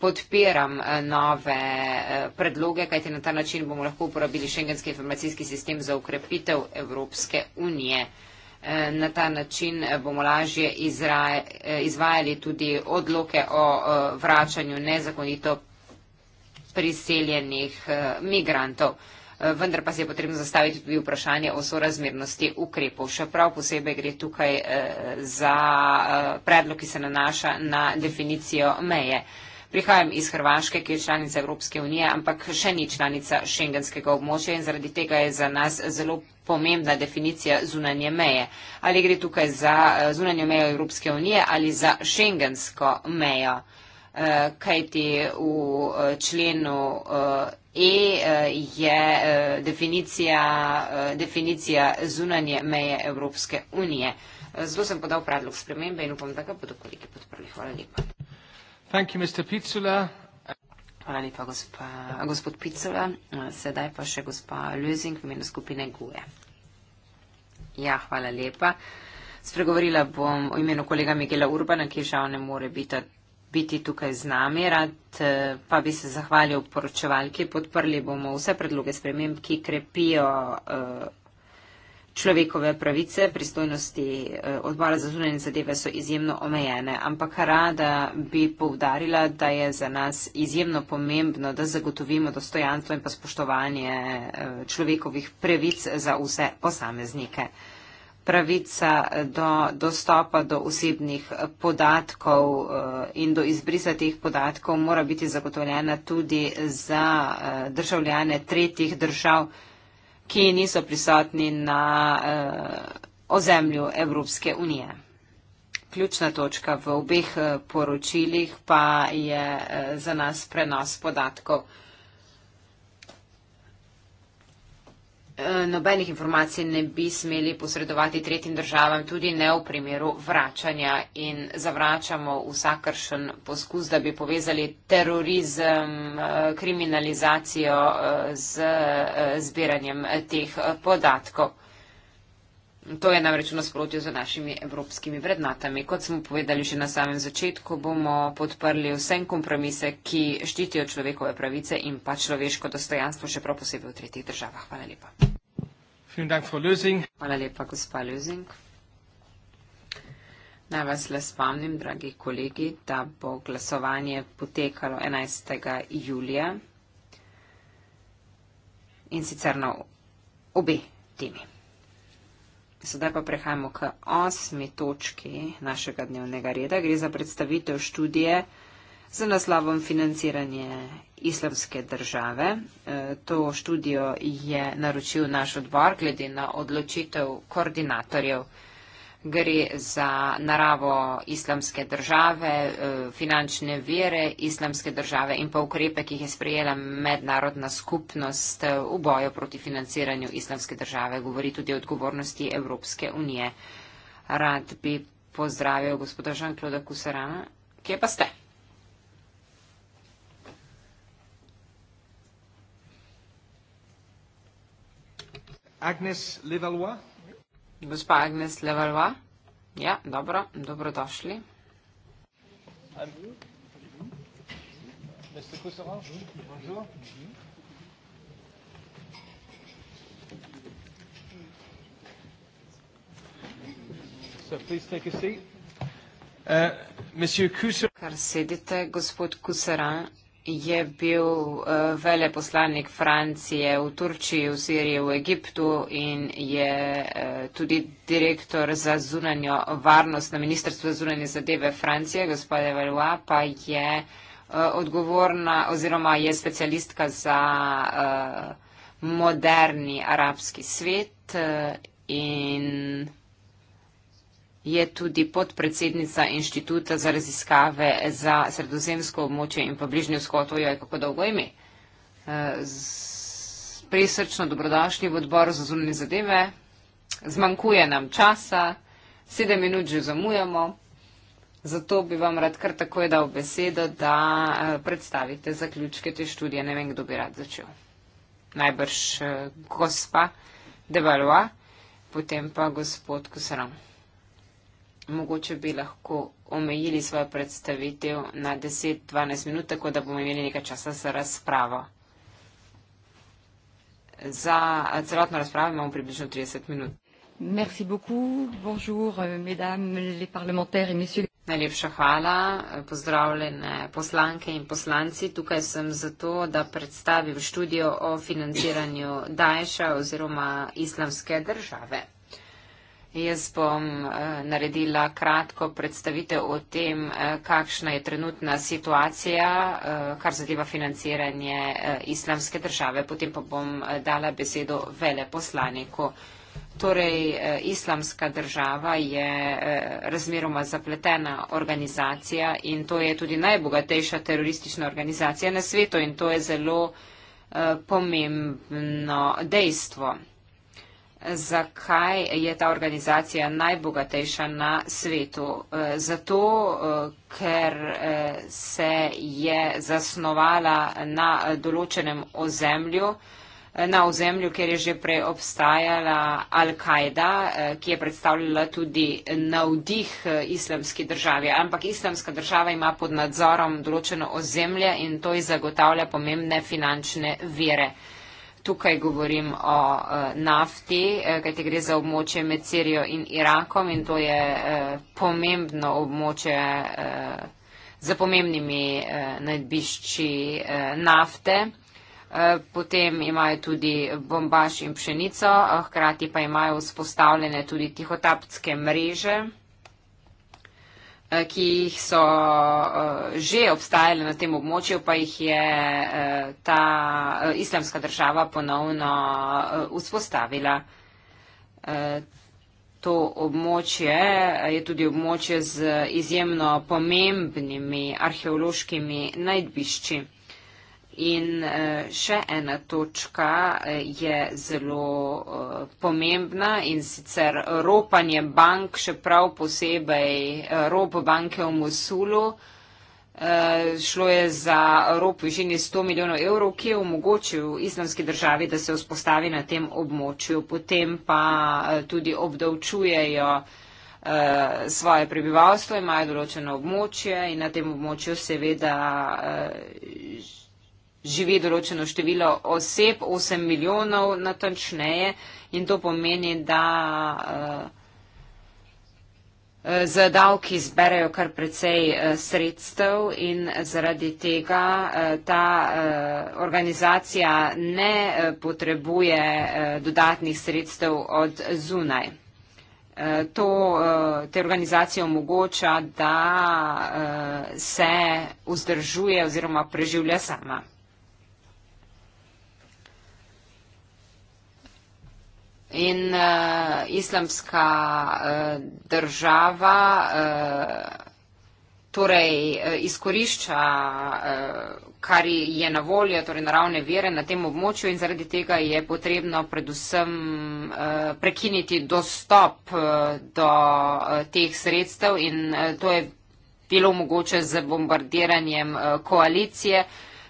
podpiram nove predloge, kajti na ta način bomo lahko uporabili šengenski informacijski sistem za ukrepitev Evropske unije. Eh, na ta način eh, bomo lažje eh, izvajali tudi odloke o vračanju nezakonito priseljenih migrantov. Vendar pa se je potrebno zastaviti tudi vprašanje o sorazmernosti ukrepov. Še prav posebej gre tukaj za predlog, ki se nanaša na definicijo meje. Prihajam iz Hrvaške, ki je članica Evropske unije, ampak še ni članica šengenskega območja in zaradi tega je za nas zelo pomembna definicija zunanje meje. Ali gre tukaj za eh, zunanje mejo Evropske unije ali za šengensko mejo? Eh, Kaj ti v eh, členu E je definicija, definicija zunanje meje Evropske unije? Zelo sem podal predlog spremembe in upam, da ga bodo kolegi podprli. Hvala lepa. Thank you, Mr. Picula. Hvala lepa, gospa, gospod Picula. Sedaj pa še gospa Lüzing v imenu skupine GUE. Ja, hvala lepa. Spregovorila bom o imenu kolega Miguela Urbana, ki žal ne more biti, biti tukaj z nami. Rad pa bi se zahvalil poročevalki. Podprli bomo vse predloge sprememb, ki krepijo. Uh, človekove pravice, pristojnosti eh, odbora za zunanje zadeve so izjemno omejene, ampak rada bi povdarila, da je za nas izjemno pomembno, da zagotovimo dostojanstvo in pa spoštovanje eh, človekovih pravic za vse posameznike. Pravica eh, do dostopa do osebnih podatkov in do izbrisa teh podatkov mora biti zagotovljena tudi za državljane tretjih držav ki niso prisotni na uh, ozemlju Evropske unije. Ključna točka v obeh eh, poročilih pa je eh, za nas prenos podatkov. Eh, nobenih informacij ne bi smeli posredovati tretjim državam, tudi ne v primeru vračanja in zavračamo vsakršen poskus, da bi povezali terorizem, eh, kriminalizacijo eh, z zbiranjem teh podatkov. To je namreč v nasprotju z našimi evropskimi vrednatami. Kot smo povedali že na samem začetku, bomo podprli vse kompromise, ki štitijo človekove pravice in pa človeško dostojanstvo, še prav posebej v tretjih državah. Hvala lepa. Hvala lepa, gospa Ljuzing. Naj vas le spomnim, dragi kolegi, da bo glasovanje potekalo 11. julija in sicer na obe temi. Sedaj pa prehajamo k osmi točki našega dnevnega reda. Gre za predstavitev študije z naslovom financiranje islamske države. E, to študijo je naročil naš odbor glede na odločitev koordinatorjev gre za naravo islamske države, eh, finančne vire islamske države in pa ukrepe, ki jih je sprejela mednarodna skupnost eh, v boju proti financiranju islamske države. Govori tudi o odgovornosti Evropske unije. Rad bi pozdravil gospoda Žan-Kloda Kusarana. Kje pa ste? Agnes Levalois. Gospa Agnes Levalva. Ja, dobro, dobrodošli. Uh, Kar sedite, gospod Kuseran, je bil eh, veleposlanik Francije v Turčiji, v Siriji, v Egiptu in je eh, tudi direktor za zunanjo varnost na Ministrstvu za zunanje zadeve Francije, gospode Valua, pa je eh, odgovorna oziroma je specialistka za moderni arabski svet in je tudi podpredsednica inštituta za raziskave za sredozemsko območje in pa bližnji vzhod. Ojoj, kako dolgo ime. Eh, presrčno dobrodošli v odboru za zunanje zadeve. Zmanjkuje nam časa, sedem minut že zamujamo, zato bi vam rad kar takoj dal besedo, da eh, predstavite zaključke te študije. Ne vem, kdo bi rad začel. Najbrž eh, gospa Devalua, potem pa gospod Kusarom mogoče bi lahko omejili svojo predstavitev na 10-12 minut, tako da bomo imeli nekaj časa za razpravo. Za celotno razpravo imamo približno 30 minut. Merci beaucoup. Bonjour, euh, mesdames les parlementaires et messieurs. Najlepša hvala, pozdravljene poslanke in poslanci. Tukaj sem zato, da predstavim študijo o financiranju Daesha oziroma islamske države. Jaz bom eh, naredila kratko predstavitev o tem, eh, kakšna je trenutna situacija, eh, kar zadeva financiranje islamske države. Potem pa bom dala besedo veleposlaniku. Torej, islamska država je razmeroma zapletena organizacija in to je tudi najbogatejša teroristična organizacija na svetu in to je zelo pomembno dejstvo zakaj je ta organizacija najbogatejša na svetu. E, zato, e, ker e, se je zasnovala na določenem ozemlju, na ozemlju, kjer je že prej obstajala Al-Kaida, ki je predstavljala tudi navdih islamski državi. Ampak islamska država ima pod nadzorom določeno ozemlje in to ji zagotavlja pomembne finančne vire tukaj govorim o uh, nafti, eh, kajte gre za območje med Sirijo in Irakom in to je eh, pomembno območje eh, za pomembnimi eh, najbišči eh, nafte. Eh, potem imajo tudi bombaž in pšenico, eh, hkrati pa imajo vzpostavljene tudi tihotapske mreže. Eh, ki jih so uh, že obstajali na tem območju, pa jih je uh, ta uh, islamska država ponovno uh, vzpostavila. Uh, to območje je tudi območje z izjemno pomembnimi arheološkimi najdbišči. In eh, še ena točka eh, je zelo eh, pomembna in sicer ropanje bank, še prav posebej rop banke v Mosulu. Šlo je za rop v višini 100 milijonov evrov, ki je omogočil islamski državi, da se vzpostavi na tem območju. Potem pa tudi obdavčujejo svoje prebivalstvo, imajo določeno območje in na tem območju seveda živi določeno število oseb, 8 milijonov natančneje in to pomeni, da uh, eh, eh, za davki zberajo kar precej uh, sredstev in zaradi tega uh, ta uh, organizacija ne uh, potrebuje uh, dodatnih sredstev od zunaj. Uh, to uh, te organizacije omogoča, da uh, se vzdržuje oziroma preživlja sama. In uh, islamska uh, država uh, torej uh, izkorišča, uh, kar je na voljo, torej naravne vere na tem območju in zaradi tega je potrebno predvsem uh, prekiniti dostop uh, do uh, teh sredstev in uh, to je bilo mogoče z bombardiranjem uh, koalicije,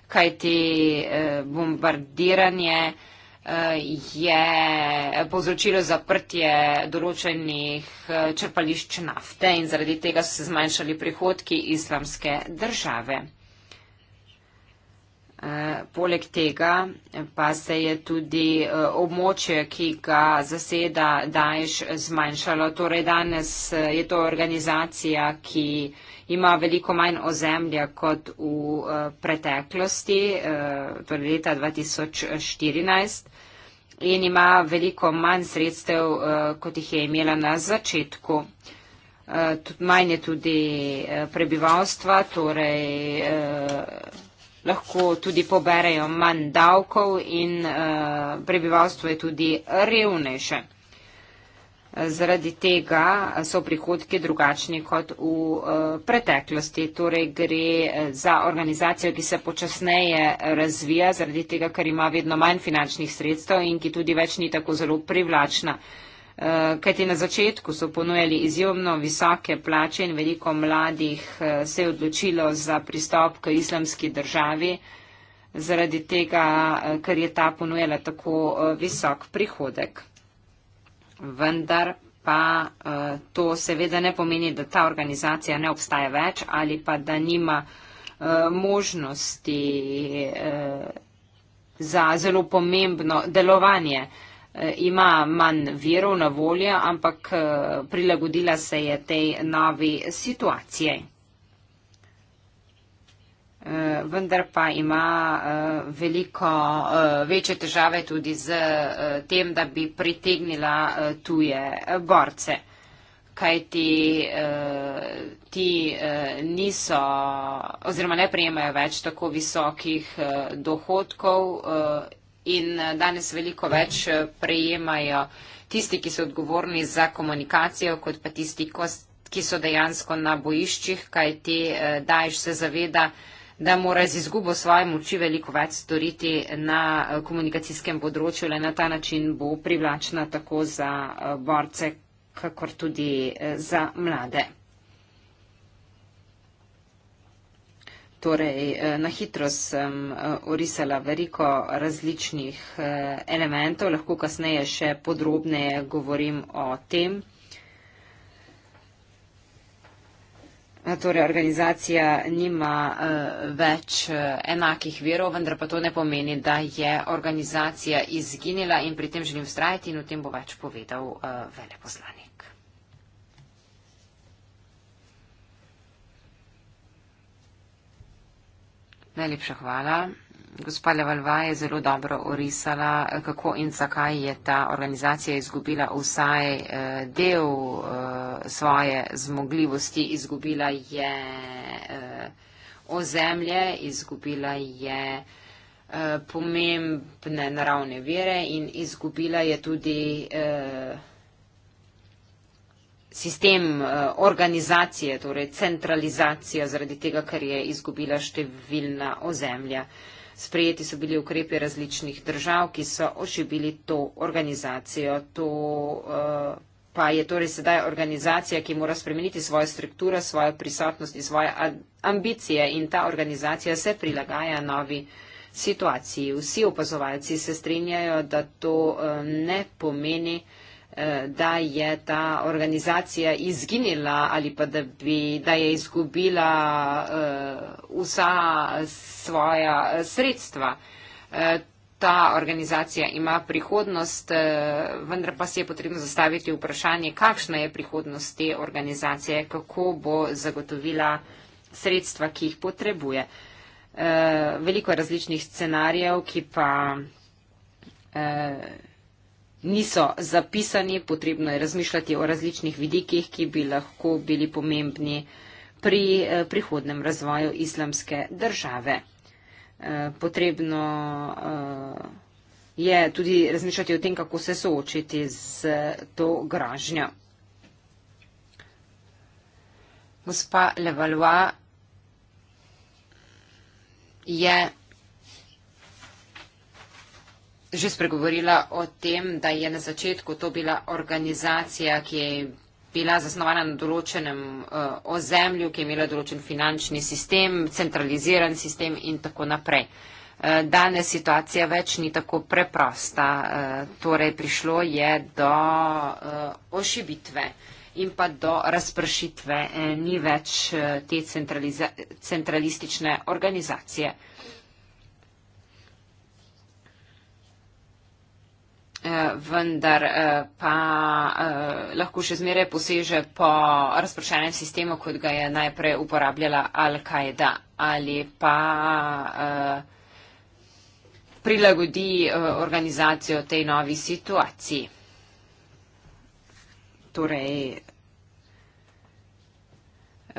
kajti uh, bombardiranje uh, je povzročilo zaprtje določenih eh, črpališč nafte in zaradi tega so se zmanjšali prihodki islamske države. Eh, poleg tega pa se je tudi eh, območje, ki ga zaseda Daješ, zmanjšalo. Torej danes eh, je to organizacija, ki ima veliko manj ozemlja kot v preteklosti, torej leta 2014, in ima veliko manj sredstev, kot jih je imela na začetku. Tudi manj je tudi prebivalstva, torej lahko tudi poberejo manj davkov in eh, prebivalstvo je tudi revnejše. Zaradi tega so prihodki drugačni kot v eh, preteklosti. Torej gre eh, za organizacijo, ki se počasneje razvija, zaradi tega, ker ima vedno manj finančnih sredstev in ki tudi več ni tako zelo privlačna. Eh, kajti na začetku so ponujali izjemno visoke plače in veliko mladih eh, se je odločilo za pristop k islamski državi zaradi tega, eh, ker je ta ponujala tako visok prihodek. Vendar pa to seveda ne pomeni, da ta organizacija ne obstaja več ali pa da nima možnosti za zelo pomembno delovanje. Eh, ima manj virov na voljo, ampak eh, prilagodila se je tej novi situaciji. Eh, vendar pa ima veliko večje težave tudi z tem, da bi pritegnila tuje borce, kajti ti niso oziroma ne prijemajo več tako visokih dohodkov in eh, danes veliko več eh, prejemajo tisti, ki so odgovorni za komunikacijo, kot pa tisti, ki so dejansko na bojiščih, kaj ti eh, daješ se zaveda, da mora z izgubo svoje moči veliko več storiti na komunikacijskem področju, le na ta način bo privlačna tako za borce, kakor tudi za mlade. Torej, eh, na hitro sem eh, orisala veliko različnih eh, elementov, lahko kasneje še podrobneje govorim o tem. Torej, organizacija nima več enakih verov, vendar pa to ne pomeni, da je organizacija izginila in pri tem želim vztrajati in o tem bo več povedal veleposlanik. Najlepša hvala. Gospa Levalva je zelo dobro orisala, kako in zakaj je ta organizacija izgubila vsaj eh, del eh, svoje zmogljivosti. Izgubila je eh, ozemlje, izgubila je pomembne naravne vire in izgubila je tudi eh, sistem eh, organizacije, torej centralizacija, zaradi tega, ker je izgubila številna ozemlja. Sprejeti so bili ukrepi različnih držav, ki so oživili to organizacijo. To uh, pa je torej sedaj organizacija, ki mora spremeniti svojo strukturo, svojo prisotnost in svoje ambicije in ta organizacija se prilagaja novi situaciji. Vsi opazovalci se strinjajo, da to uh, ne pomeni, uh, Eh, da je ta organizacija izginila ali pa da, bi, da je izgubila uh, vsa svoja eh, sredstva. Uh, ta organizacija ima prihodnost, uh, vendar pa si je potrebno zastaviti vprašanje, kakšna je prihodnost te organizacije, kako bo zagotovila sredstva, ki jih potrebuje. Uh, veliko različnih scenarijev, ki pa. Uh, niso zapisani, potrebno je razmišljati o različnih vidikih, ki bi lahko bili pomembni pri eh, prihodnem razvoju islamske države. Eh, potrebno eh, je tudi razmišljati o tem, kako se soočiti z to gražnjo. Gospa Levalois je že spregovorila o tem, da je na začetku to bila organizacija, ki je bila zasnovana na določenem uh, ozemlju, ki je imela določen finančni sistem, centraliziran sistem in tako naprej. Eh, danes situacija več ni tako preprosta, eh, torej prišlo je do ošibitve in pa do razpršitve, ni več te centralistične organizacije. Eh, vendar eh, pa eh, lahko še zmeraj poseže po razprošenem sistemu, kot ga je najprej uporabljala Al-Kaida ali pa prilagodi organizacijo tej novi situaciji. Torej,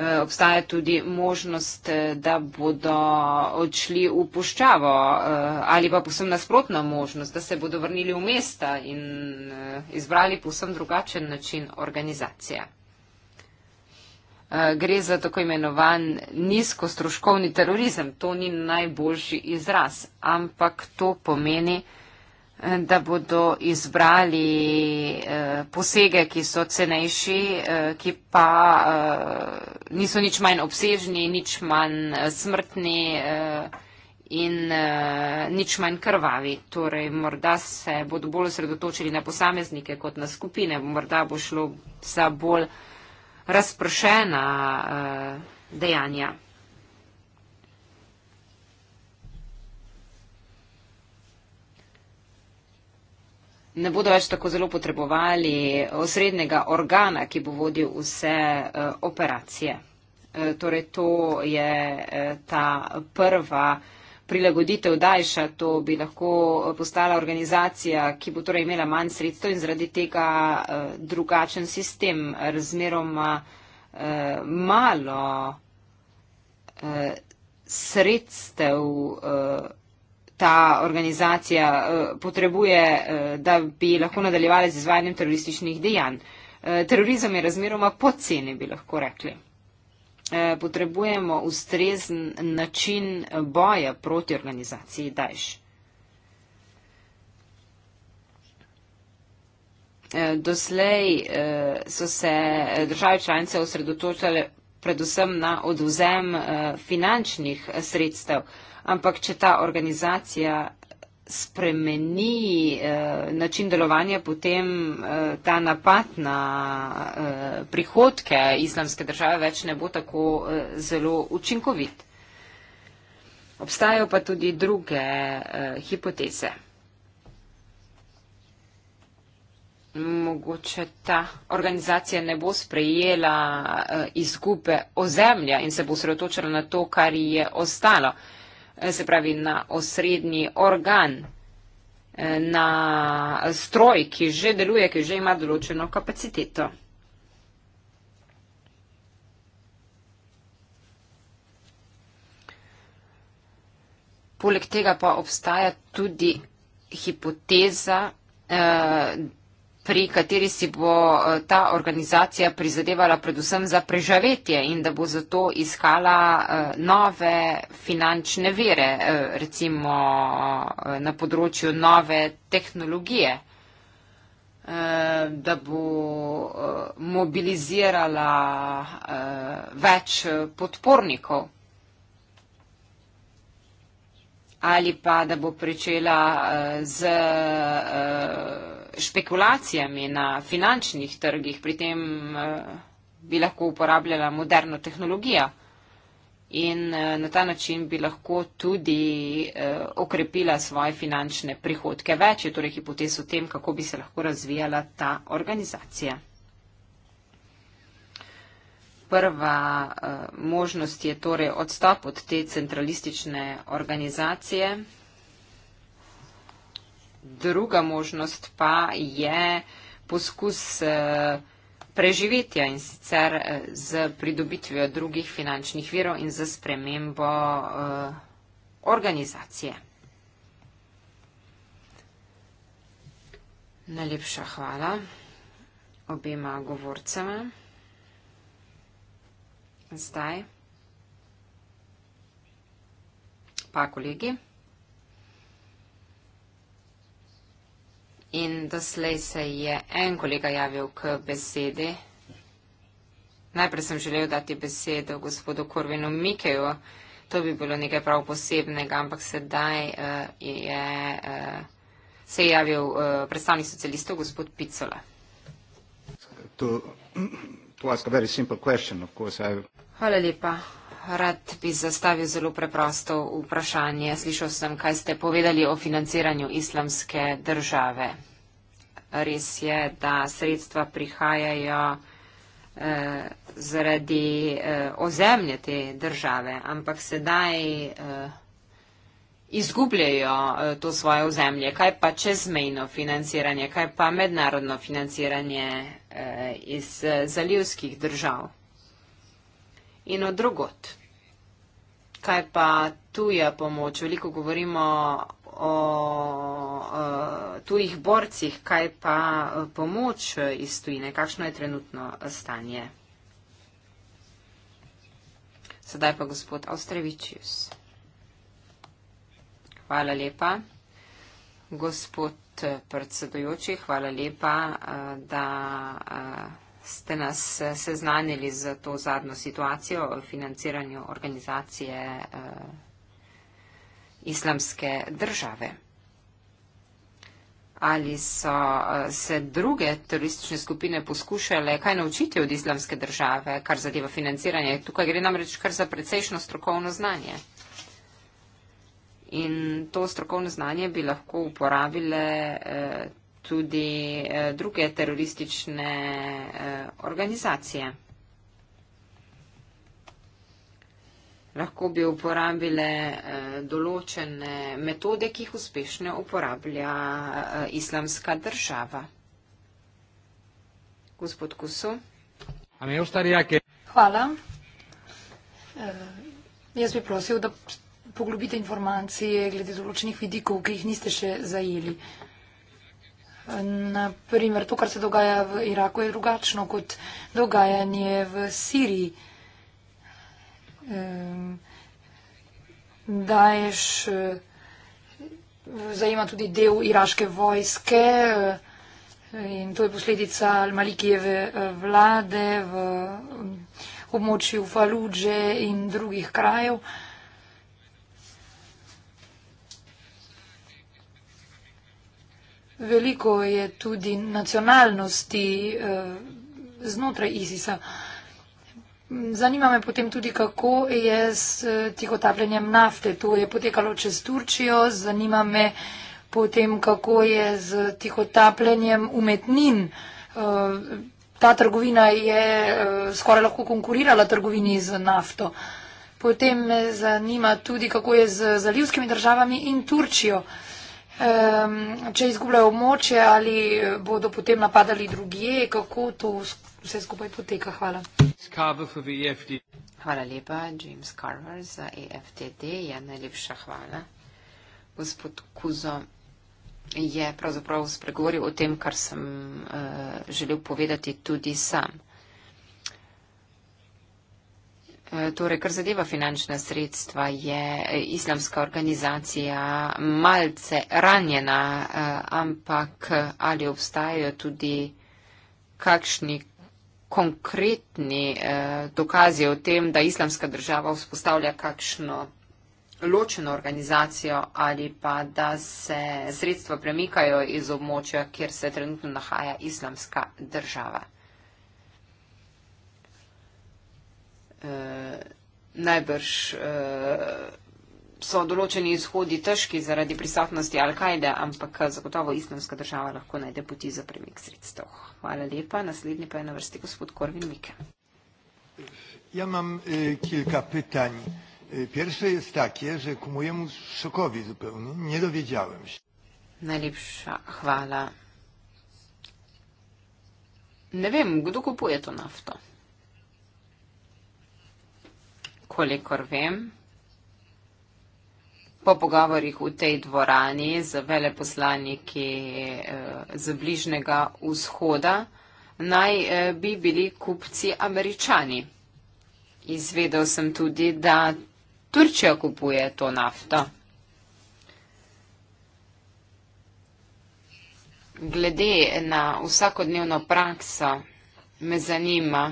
Eh, obstaja tudi možnost, eh, da bodo odšli v puščavo eh, ali pa posem nasprotna možnost, da se bodo vrnili v mesta in izbrali posem drugačen način organizacije. Gre za tako imenovan nizkostroškovni terorizem. To ni najboljši izraz, ampak to pomeni, da bodo izbrali eh, posege, ki so cenejši, eh, ki pa eh, niso nič manj obsežni, nič manj smrtni in nič manj krvavi. Torej, morda se bodo bolj osredotočili na posameznike kot na skupine, morda bo šlo za bolj razpršena dejanja. ne bodo več tako zelo potrebovali eh, osrednjega organa, ki bo vodil vse eh, operacije. Eh, torej, to je ta prva prilagoditev dajša, to bi lahko postala organizacija, ki bo torej imela manj sredstev in zaradi tega drugačen sistem, razmeroma malo sredstev ta organizacija eh, potrebuje, eh, da bi lahko nadaljevala z izvajanjem terorističnih dejanj. Eh, terorizem je razmeroma poceni, bi lahko rekli. Potrebujemo ustrezen način boja proti organizaciji Daesh. Doslej so se države članice osredotočale predvsem na oduzem eh, finančnih eh, sredstev. Ampak če ta organizacija spremeni eh, način delovanja, potem ta napad na prihodke islamske države več ne bo tako zelo učinkovit. Obstajajo pa tudi druge hipoteze. mogoče ta organizacija ne bo sprejela eh, izgube ozemlja in se bo sredotočila na to, kar ji je ostalo, eh, se pravi na osrednji organ, eh, na stroj, ki že deluje, ki že ima določeno kapaciteto. Poleg tega pa obstaja tudi hipoteza, pri kateri si bo eh, ta organizacija prizadevala predvsem za preživetje in da bo zato iskala eh, nove finančne vere, eh, recimo na področju nove tehnologije, da bo mobilizirala več podpornikov. Ali pa da bo pričela z špekulacijami na finančnih trgih, pri tem eh, bi lahko uporabljala moderno tehnologijo in eh, na ta način bi lahko tudi eh, okrepila svoje finančne prihodke. Več je torej hipotez o tem, kako bi se lahko razvijala ta organizacija. Prva možnost je torej odstop od te centralistične organizacije. Druga možnost pa je poskus eh, preživetja in sicer eh, z pridobitvijo drugih finančnih virov in z spremembo eh, organizacije. Najlepša hvala obima govorcema. Zdaj pa kolegi. In doslej se je en kolega javil k besedi. Najprej sem želel dati besedo gospodu Korvinu Mikeju, to bi bilo nekaj prav posebnega, ampak sedaj uh, je, uh, se je javil uh, predstavnik socialistov gospod Picola. To, to Hvala lepa rad bi zastavil zelo preprosto vprašanje. Slišal sem, kaj ste povedali o financiranju islamske države. Res je, da sredstva prihajajo eh, zaradi eh, ozemlje te države, ampak sedaj eh, izgubljajo eh, to svoje ozemlje. Kaj pa čezmejno financiranje, kaj pa mednarodno financiranje eh, iz eh, zalivskih držav? In od drugot. Kaj pa tuja pomoč? Veliko govorimo o uh, tujih borcih. Kaj pa e, pomoč e, iz tujine? Kakšno je trenutno e, stanje? Sedaj pa gospod Austrevičius. Hvala lepa. Gospod predsedujoči, hvala lepa, da. Uh, ste nas eh, seznanili z to zadnjo situacijo o financiranju organizacije uh, islamske države. Ali so eh, se druge teroristične skupine poskušale kaj naučiti od islamske države, kar zadeva financiranje? Tukaj gre namreč kar za precejšno strokovno znanje. In to strokovno znanje bi lahko uporabile eh, tudi eh, druge teroristične eh, organizacije. Lahko bi uporabile eh, določene metode, ki jih uspešno uporablja islamska država. Gospod Kusu. Hvala. Jaz bi prosil, da poglobite informacije glede določenih vidikov, ki jih niste še zajeli. Naprimer, to, kar se dogaja v Iraku, je drugačno kot dogajanje v Siriji. Daješ, eh, zajema tudi del iraške vojske eh, in to je posledica Malikijeve eh, vlade v mm, območju Faludže in drugih krajev. Veliko je tudi nacionalnosti eh, znotraj ISIS-a. Zanima me potem tudi, kako je s eh, tihotapljenjem nafte. To je potekalo čez Turčijo. Zanima me potem, kako je s tihotapljenjem umetnin. Eh, ta trgovina je skoraj lahko konkurirala trgovini z nafto. Potem me zanima tudi, kako je z zalivskimi državami in Turčijo um, če izgubljajo območje ali bodo potem napadali drugje, kako to vse skupaj poteka. Hvala. E hvala lepa, James Carver za EFTD. Ja, najlepša hvala. Gospod Kuzo je pravzaprav spregovoril o tem, kar sem uh, želel povedati tudi sam. Torej, kar zadeva finančna sredstva, je islamska organizacija malce ranjena, eh, ampak ali obstajajo tudi kakšni konkretni eh, dokazi o tem, da islamska država vzpostavlja kakšno ločeno organizacijo ali pa da se sredstva premikajo iz območja, kjer se trenutno nahaja islamska država. eh, najbrž eh, so določeni izhodi težki zaradi prisotnosti Al-Kaide, ampak zagotovo islamska država lahko najde poti za premik sredstev. Hvala lepa. Naslednji pa je na vrsti gospod Korvin Mike. Ja imam nekaj eh, vprašanj. Pierwsze jest takie, że ku mojemu szokowi zupełnie nie dowiedziałem się. Najlepsza chwala. Nie wiem, kto kupuje to naftę. kolikor vem, po pogovorih v tej dvorani z veleposlaniki eh, z bližnjega vzhoda, naj eh, bi bili kupci američani. Izvedel sem tudi, da Turčija kupuje to nafto. Glede na vsakodnevno prakso, me zanima,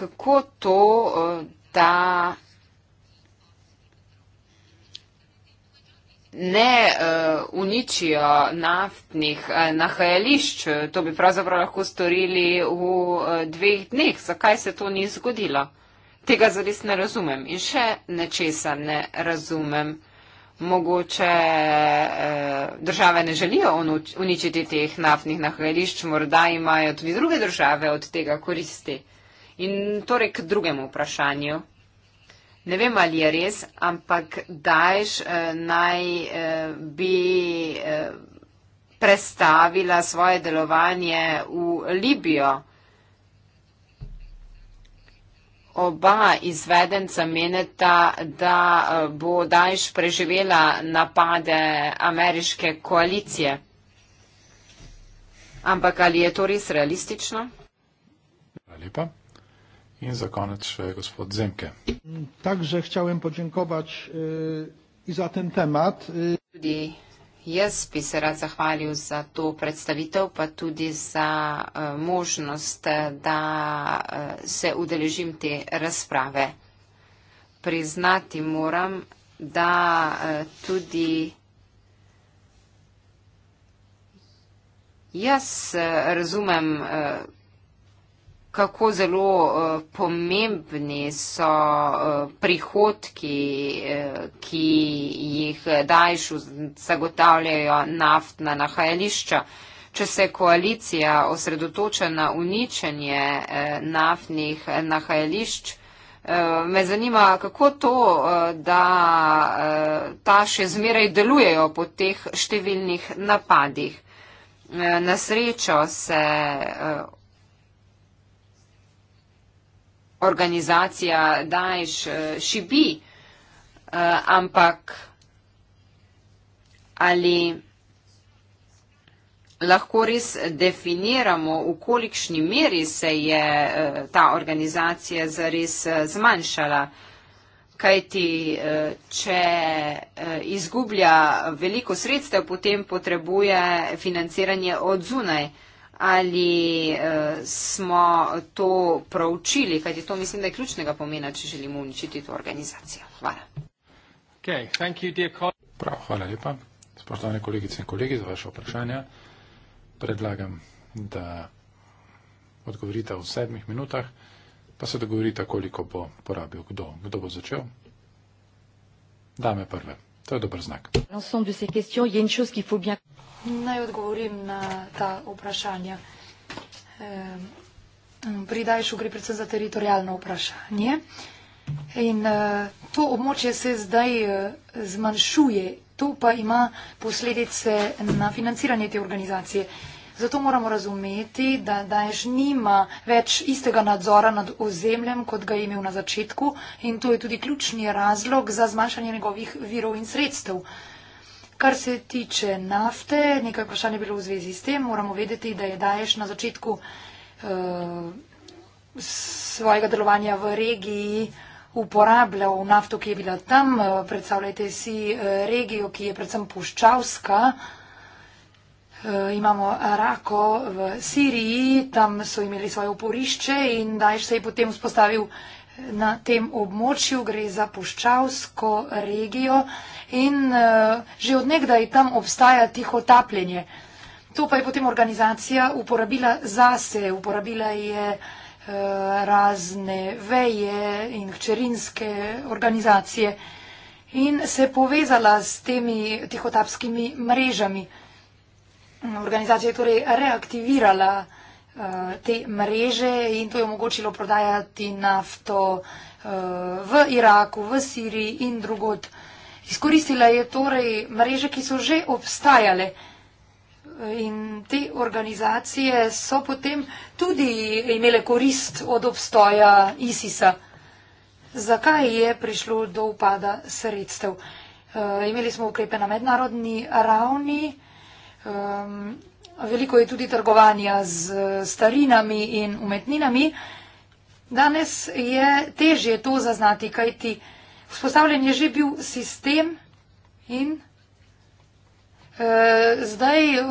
kako to, eh, da ne eh, uničijo naftnih eh, nahajališč, to bi pravzaprav lahko storili v dveh dneh. Zakaj se to ni zgodilo? Tega zares ne razumem in še nečesa ne razumem. Mogoče države ne želijo uničiti teh naftnih nahajališč, morda imajo tudi druge države od tega koristi. In torej k drugemu vprašanju. Ne vem, ali je res, ampak Daesh eh, naj eh, bi eh, prestavila svoje delovanje v Libijo. Oba izvedenca meneta, da eh, bo Daesh preživela napade ameriške koalicije. Ampak ali je to res realistično? Hvala lepa. In za konec še gospod Zemke. Takže chciałem podziękować e, i za ten temat. E, tudi jaz bi se rad zahvalil za to predstavitev, pa tudi za e, možnost, da se udeležim te razprave. Priznati moram, da tudi jaz razumem kako zelo uh, pomembni so uh, prihodki, uh, ki jih dajš zagotavljajo naftna nahajališča. Če se koalicija osredotoča na uničenje uh, naftnih nahajališč, uh, me zanima, kako to, uh, da uh, ta še zmeraj delujejo po teh številnih napadih. Uh, na srečo se. Uh, organizacija Daješ eh, šibi, eh, ampak ali lahko res definiramo, v kolikšni meri se je eh, ta organizacija zares zmanjšala, kajti če izgublja veliko sredstev, potem potrebuje financiranje od zunaj ali eh, smo to proučili, kajti to mislim, da je ključnega pomena, če želimo uničiti to organizacijo. Hvala. Okay, thank you, dear Prav, hvala lepa. Spoštovane kolegice in kolegi, za vaše vprašanje predlagam, da odgovorite v sedmih minutah, pa se dogovorite, koliko bo porabil kdo. Kdo bo začel? Dame prve. To je dober znak. Naj odgovorim na ta vprašanja. Pri Dajšu gre predvsem za teritorijalno vprašanje. In eh, to območje se zdaj eh, zmanjšuje. To pa ima posledice na financiranje te organizacije. Zato moramo razumeti, da Daješ nima več istega nadzora nad ozemljem, kot ga je imel na začetku in to je tudi ključni razlog za zmanjšanje njegovih virov in sredstev. Uh, Kar se tiče nafte, nekaj vprašanj je bilo v zvezi s tem. Moramo vedeti, da je Daješ na začetku eh, svojega delovanja v regiji uporabljal nafto, ki je bila tam. Predstavljajte si eh, regijo, ki je predvsem puščavska. Eh, imamo Arako v Siriji, tam so imeli svoje oporišče in Daješ se je potem vzpostavil na tem območju, gre za puščavsko regijo in eh, že odnegdaj tam obstaja tiho tapljenje. To pa je potem organizacija uporabila zase, uporabila je eh, razne veje in hčerinske organizacije in se povezala s temi tihotapskimi mrežami. Organizacija je torej reaktivirala Eh, te mreže in to je omogočilo prodajati nafto eh, v Iraku, v Siriji in drugod. Izkoristila je torej mreže, ki so že obstajale in te organizacije so potem tudi imele korist od obstoja ISIS-a. Zakaj je prišlo do upada sredstev? Eh, imeli smo ukrepe na mednarodni ravni. Ehm, Veliko je tudi trgovanja z starinami in umetninami. Danes je težje to zaznati, kajti vzpostavljen je že bil sistem in eh, zdaj eh,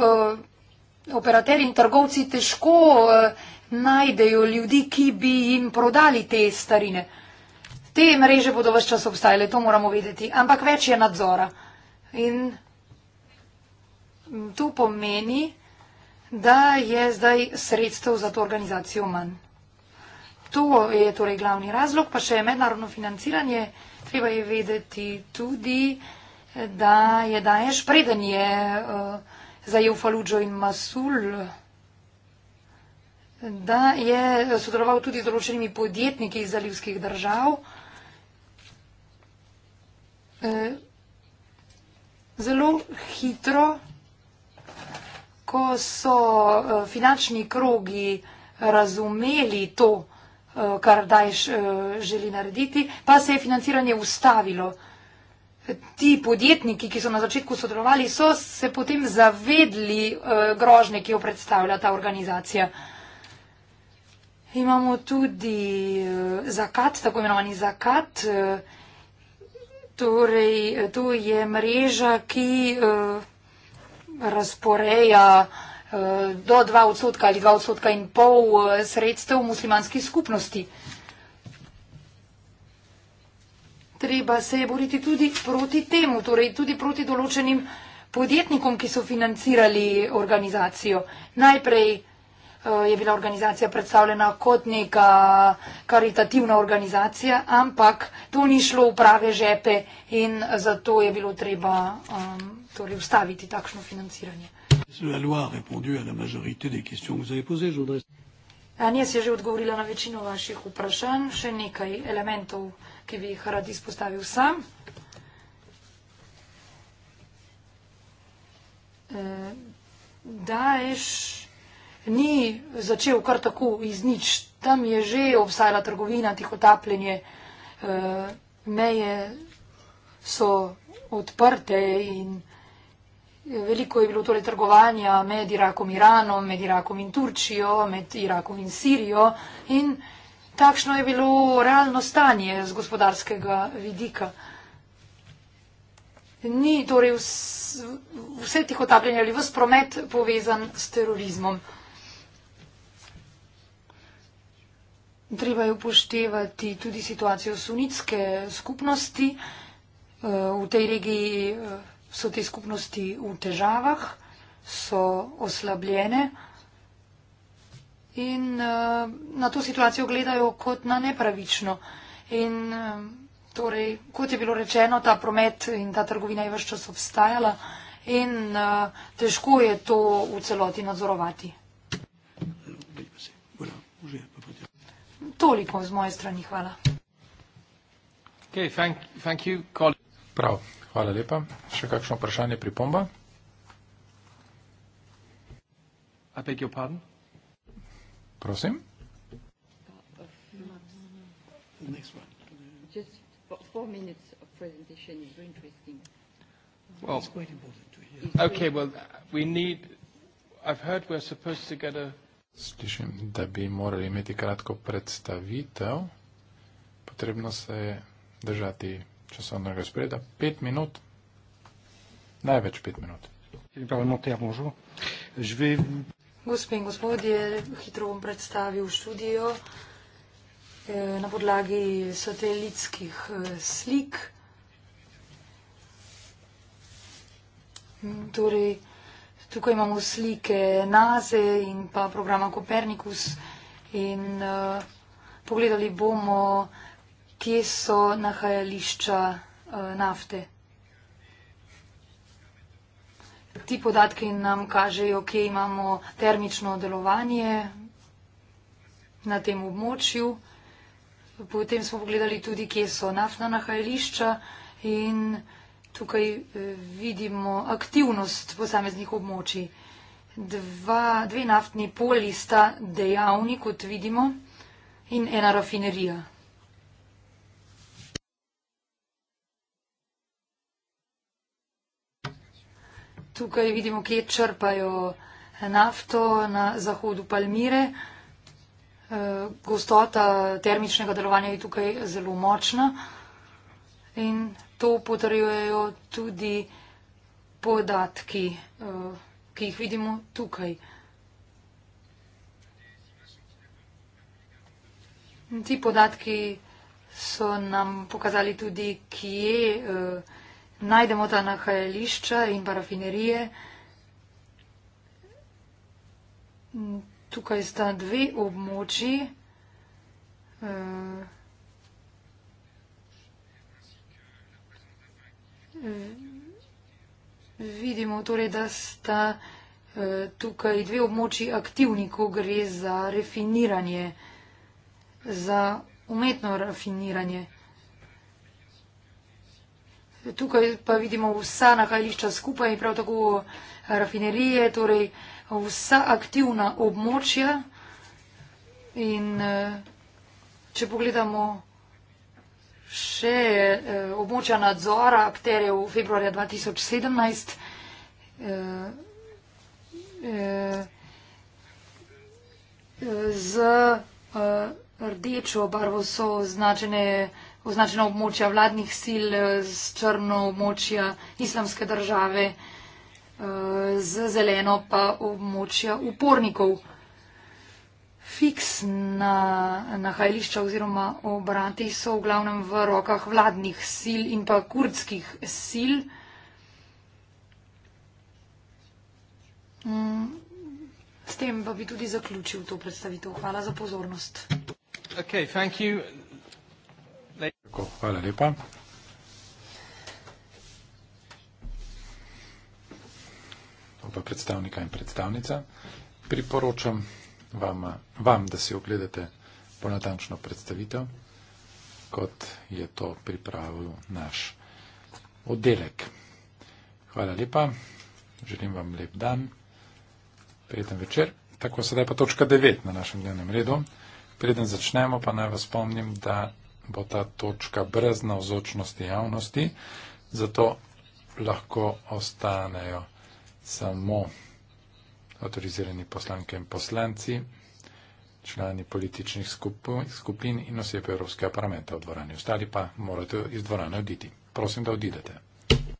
operateri in trgovci težko eh, najdejo ljudi, ki bi jim prodali te starine. Te mreže bodo vse čas obstajale, to moramo vedeti, ampak več je nadzora. In to pomeni, da je zdaj sredstev za to organizacijo manj. To je torej glavni razlog, pa še mednarodno financiranje. Treba je vedeti tudi, da je daješ preden je uh, zajel Faludžo in Masul, da je sodeloval tudi z določenimi podjetniki iz zalivskih držav. Uh, zelo hitro ko so eh, finančni krogi razumeli to, eh, kar Daješ eh, želi narediti, pa se je financiranje ustavilo. Ti podjetniki, ki so na začetku sodelovali, so se potem zavedli grožnje, ki jo predstavlja ta organizacija. Imamo tudi zakat, tako imenovani zakat. Torej, to je mreža, ki uh, razporeja eh, do 2 odstotka ali 2 odstotka in pol eh, sredstev muslimanski skupnosti. Treba se je boriti tudi proti temu, torej tudi proti določenim podjetnikom, ki so financirali organizacijo. Najprej Eh, je bila organizacija predstavljena kot neka karitativna organizacija, ampak to ni šlo v prave žepe in zato je bilo treba um, torej ustaviti takšno financiranje. Anjes je že odgovorila na večino vaših vprašanj, še nekaj elementov, ki bi jih rad izpostavil sam. Eh, Daesh ni začel kar tako iz nič. Tam je že obstajala trgovina, tihotapljenje, eh, meje so odprte in eh, veliko je bilo torej trgovanja med Irakom in Iranom, med Irakom in Turčijo, med Irakom in Sirijo in takšno je bilo realno stanje z gospodarskega vidika. Ni torej vse tihotapljenje ali vse promet povezan s terorizmom. Treba je upoštevati tudi situacijo sunitske skupnosti. Eh, v tej regiji eh, so te skupnosti v težavah, so oslabljene in eh, na to situacijo gledajo kot na nepravično. In torej, kot je bilo rečeno, ta promet in ta trgovina je vse čas obstajala in težko je to v celoti nadzorovati. toliko z moje strani. Hvala. Okay, thank, thank you, Prav, hvala lepa. Še kakšno vprašanje, pripomba? Prosim. Well, okay, well, we need. I've heard we're supposed to get a Slišim, da bi morali imeti kratko predstavitev. Potrebno se je držati časovnega spreda. Pet minut. Največ pet minut. Gospe in gospodje, hitro bom predstavil študijo eh, na podlagi satelitskih eh, slik. Torej, Tukaj imamo slike Naze in pa programa Kopernikus in uh, pogledali bomo, kje so nahajališča uh, nafte. Ti podatki nam kažejo, kje imamo termično delovanje na tem območju. Potem smo pogledali tudi, kje so naftna nahajališča in uh, tukaj eh, vidimo aktivnost posameznih območij. Dva, dve naftni polji sta dejavni, kot vidimo, in ena rafinerija. Tukaj vidimo, kje črpajo nafto na zahodu Palmire. Eh, gostota termičnega delovanja je tukaj zelo močna. In to potrjujejo tudi podatki, eh, ki jih vidimo tukaj. In ti podatki so nam pokazali tudi, kje eh, najdemo ta nahajališča in parafinerije. Tukaj sta dve območji. Eh, vidimo torej, da sta eh, tukaj dve območji aktivni, ko gre za refiniranje, za umetno rafiniranje. Tukaj pa vidimo vsa nahajališča skupaj in prav tako rafinerije, torej vsa aktivna območja. In eh, če pogledamo še eh, območja nadzora akterjev v februarja 2017. Eh, eh, eh, z, eh, Rdečo barvo so označene, označena območja vladnih sil, z eh, črno območja islamske države, eh, z zeleno pa območja upornikov fiks na nahajališča oziroma obrati so v glavnem v rokah vladnih sil in pa kurdskih sil. Mm, s tem pa bi tudi zaključil to predstavitev. Hvala za pozornost. Okay, thank you. Tako, hvala lepa. Oba predstavnika in predstavnica priporočam vam, vam da si ogledate ponatančno predstavitev, kot je to pripravil naš oddelek. Hvala lepa, želim vam lep dan, prijeten večer. Tako sedaj pa točka 9 na našem dnevnem redu. Preden začnemo, pa naj vas spomnim, da bo ta točka brez navzočnosti javnosti, zato lahko ostanejo samo avtorizirani poslanke in poslanci, člani političnih skupin in osebe Evropskega parlamenta v dvorani. Ostali pa morate iz dvorane oditi. Prosim, da odidete.